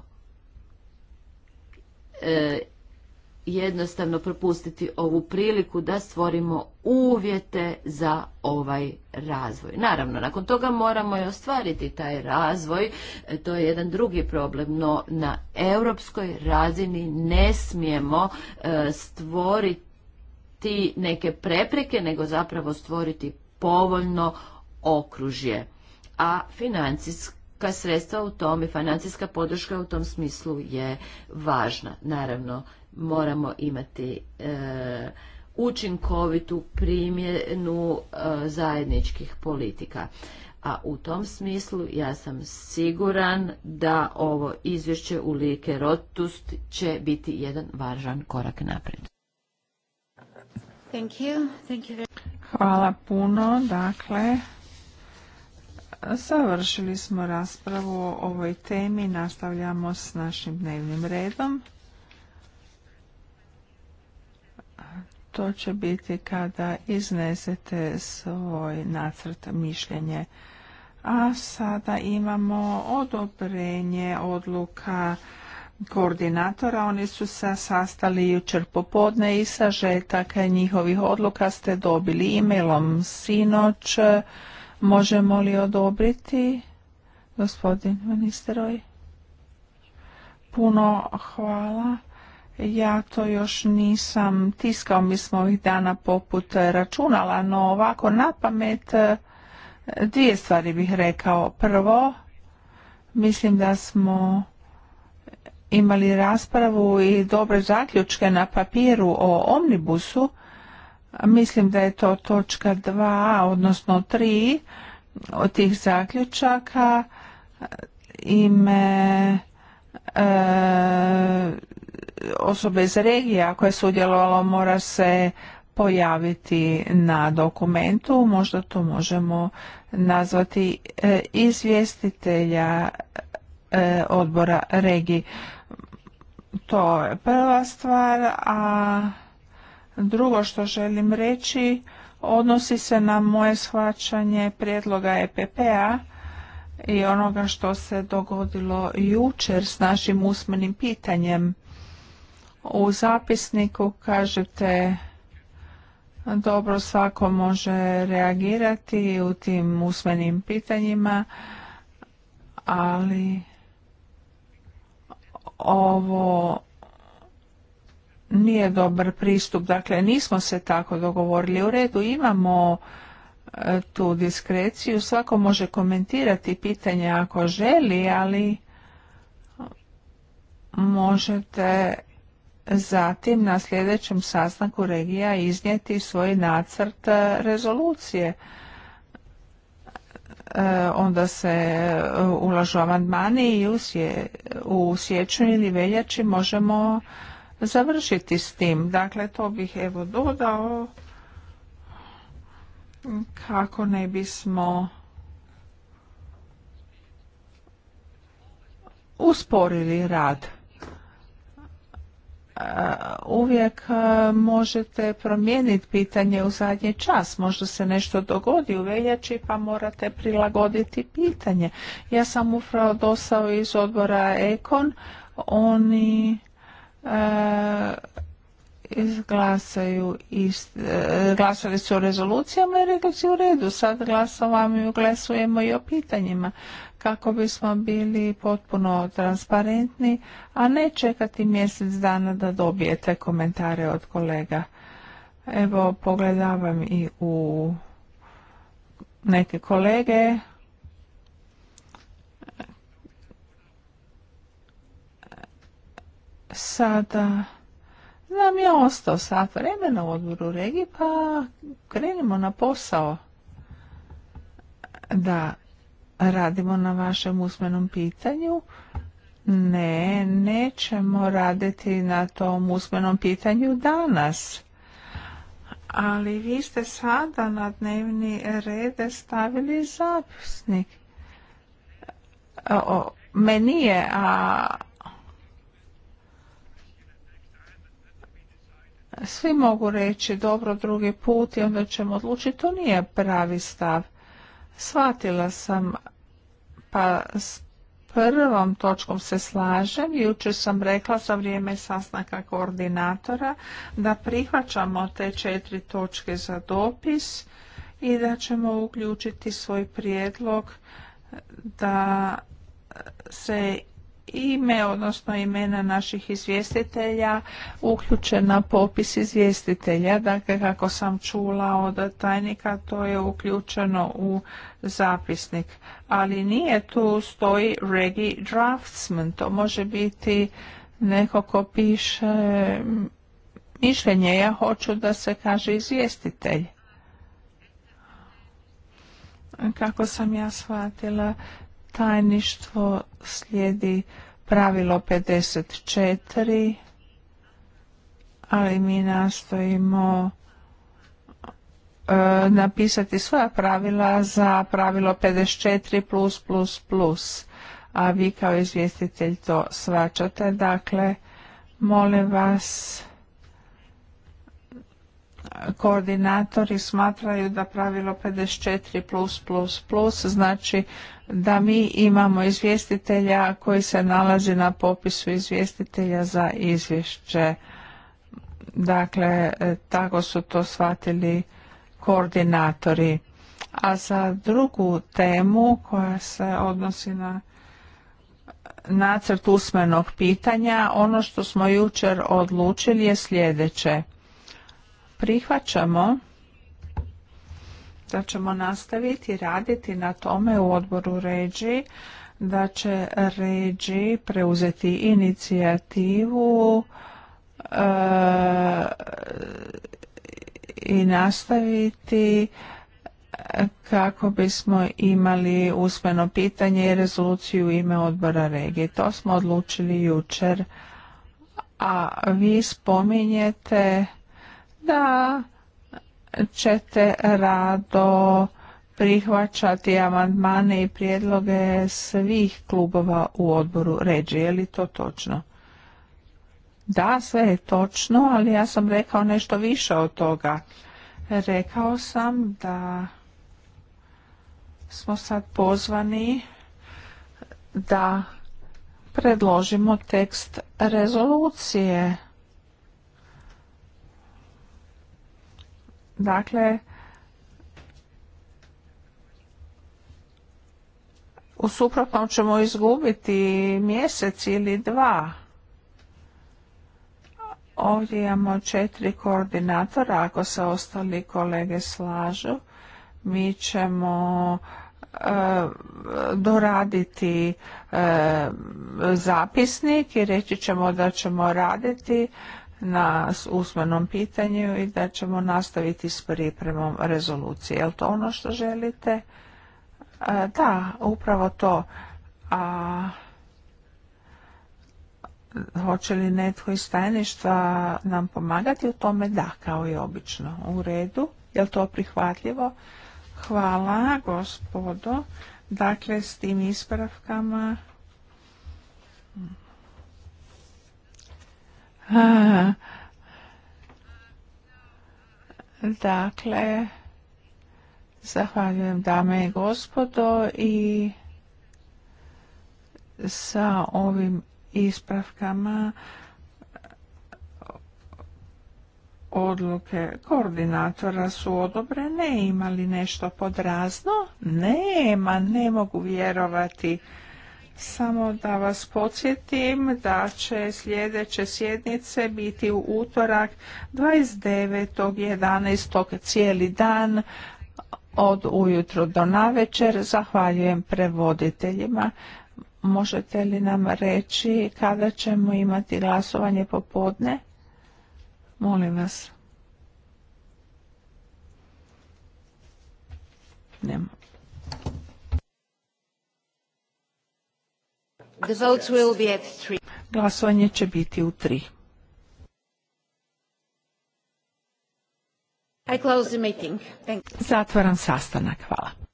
jednostavno propustiti ovu priliku da stvorimo uvjete za ovaj razvoj. Naravno, nakon toga moramo i ostvariti taj razvoj, e, to je jedan drugi problem, no na europskoj razini ne smijemo e, stvoriti neke prepreke, nego zapravo stvoriti povoljno okružje. A financijska sredstva u tom i financijska podrška u tom smislu je važna. Naravno, moramo imati e, učinkovitu primjenu e, zajedničkih politika. A u tom smislu ja sam siguran da ovo izvješće u Like Rotust će biti jedan važan korak naprijed. Thank you. Thank you Hvala puno. Dakle, završili smo raspravu o ovoj temi. Nastavljamo s našim dnevnim redom. to će biti kada iznesete svoj nacrt mišljenje. A sada imamo odobrenje odluka koordinatora. Oni su se sastali jučer popodne i sažetak njihovih odluka ste dobili e-mailom sinoć. Možemo li odobriti? Gospodin Ministeroj. Puno hvala. Ja to još nisam tiskao, mi smo ovih dana poput računala, no ovako na pamet e, dvije stvari bih rekao. Prvo, mislim da smo imali raspravu i dobre zaključke na papiru o omnibusu. Mislim da je to točka dva, odnosno tri od tih zaključaka. Ime e, osobe iz regija koje su udjelovalo mora se pojaviti na dokumentu. Možda to možemo nazvati e, izvjestitelja e, odbora regiji. To je prva stvar, a drugo što želim reći odnosi se na moje shvaćanje prijedloga EPP-a i onoga što se dogodilo jučer s našim usmenim pitanjem. U zapisniku kažete dobro svako može reagirati u tim usmenim pitanjima, ali ovo nije dobar pristup. Dakle, nismo se tako dogovorili. U redu imamo e, tu diskreciju. Svako može komentirati pitanje ako želi, ali možete zatim na sljedećem sastanku regija iznijeti svoj nacrt e, rezolucije. E, onda se e, ulažu amandmani i u siječnju ili veljači možemo završiti s tim. Dakle, to bih evo dodao kako ne bismo usporili rad uvijek e, možete promijeniti pitanje u zadnji čas. Možda se nešto dogodi u veljači pa morate prilagoditi pitanje. Ja sam upravo dosao iz odbora Ekon. Oni e, izglasaju ist, e, glasali su o rezolucijama i rekli su u redu, sad glasovamo i glasujemo i o pitanjima kako bismo bili potpuno transparentni, a ne čekati mjesec dana da dobijete komentare od kolega. Evo, pogledavam i u neke kolege. Sada nam je ostao sat vremena u odboru regije, pa krenimo na posao da radimo na vašem usmenom pitanju. Ne, nećemo raditi na tom usmenom pitanju danas. Ali vi ste sada na dnevni rede stavili zapisnik. meni je, a svi mogu reći dobro drugi put i onda ćemo odlučiti. To nije pravi stav. Shvatila sam pa s prvom točkom se slažem. Jučer sam rekla za vrijeme sastanka koordinatora da prihvaćamo te četiri točke za dopis i da ćemo uključiti svoj prijedlog da se ime, odnosno imena naših izvjestitelja uključena popis izvjestitelja. Dakle, kako sam čula od tajnika, to je uključeno u zapisnik. Ali nije tu stoji regi draftsman. To može biti neko ko piše mišljenje. Ja hoću da se kaže izvjestitelj. Kako sam ja shvatila, Tajništvo slijedi pravilo 54, ali mi nastojimo e, napisati svoja pravila za pravilo 54 plus plus a vi kao izvjestitelj to svačate. Dakle, molim vas koordinatori smatraju da pravilo 54 plus plus plus znači da mi imamo izvjestitelja koji se nalazi na popisu izvjestitelja za izvješće. Dakle, e, tako su to shvatili koordinatori. A za drugu temu koja se odnosi na nacrt usmenog pitanja, ono što smo jučer odlučili je sljedeće prihvaćamo da ćemo nastaviti raditi na tome u odboru ređi, da će ređi preuzeti inicijativu e, i nastaviti e, kako bismo imali usmeno pitanje i rezoluciju u ime odbora regije. To smo odlučili jučer. A vi spominjete da ćete rado prihvaćati amandmane i prijedloge svih klubova u odboru ređe, Je li to točno? Da, sve je točno, ali ja sam rekao nešto više od toga. Rekao sam da smo sad pozvani da predložimo tekst rezolucije Dakle, u suprotnom ćemo izgubiti mjesec ili dva. Ovdje imamo četiri koordinatora, ako se ostali kolege slažu, mi ćemo e, doraditi e, zapisnik i reći ćemo da ćemo raditi na usmenom pitanju i da ćemo nastaviti s pripremom rezolucije. Je li to ono što želite? E, da, upravo to. A hoće li netko iz tajništva nam pomagati u tome? Da, kao i obično. U redu. Je li to prihvatljivo? Hvala, gospodo. Dakle, s tim ispravkama... Dakle, zahvaljujem dame i gospodo i sa ovim ispravkama odluke koordinatora su odobrene. Ima li nešto podrazno? ne Nema, ne mogu vjerovati. Samo da vas podsjetim da će sljedeće sjednice biti u utorak 29.11. cijeli dan od ujutro do navečer. Zahvaljujem prevoditeljima. Možete li nam reći kada ćemo imati glasovanje popodne? Molim vas. Nemo. The votes will be at three. Glasovanje će biti u tri. I close the meeting. Thank you. Zatvaram sastanak. Hvala.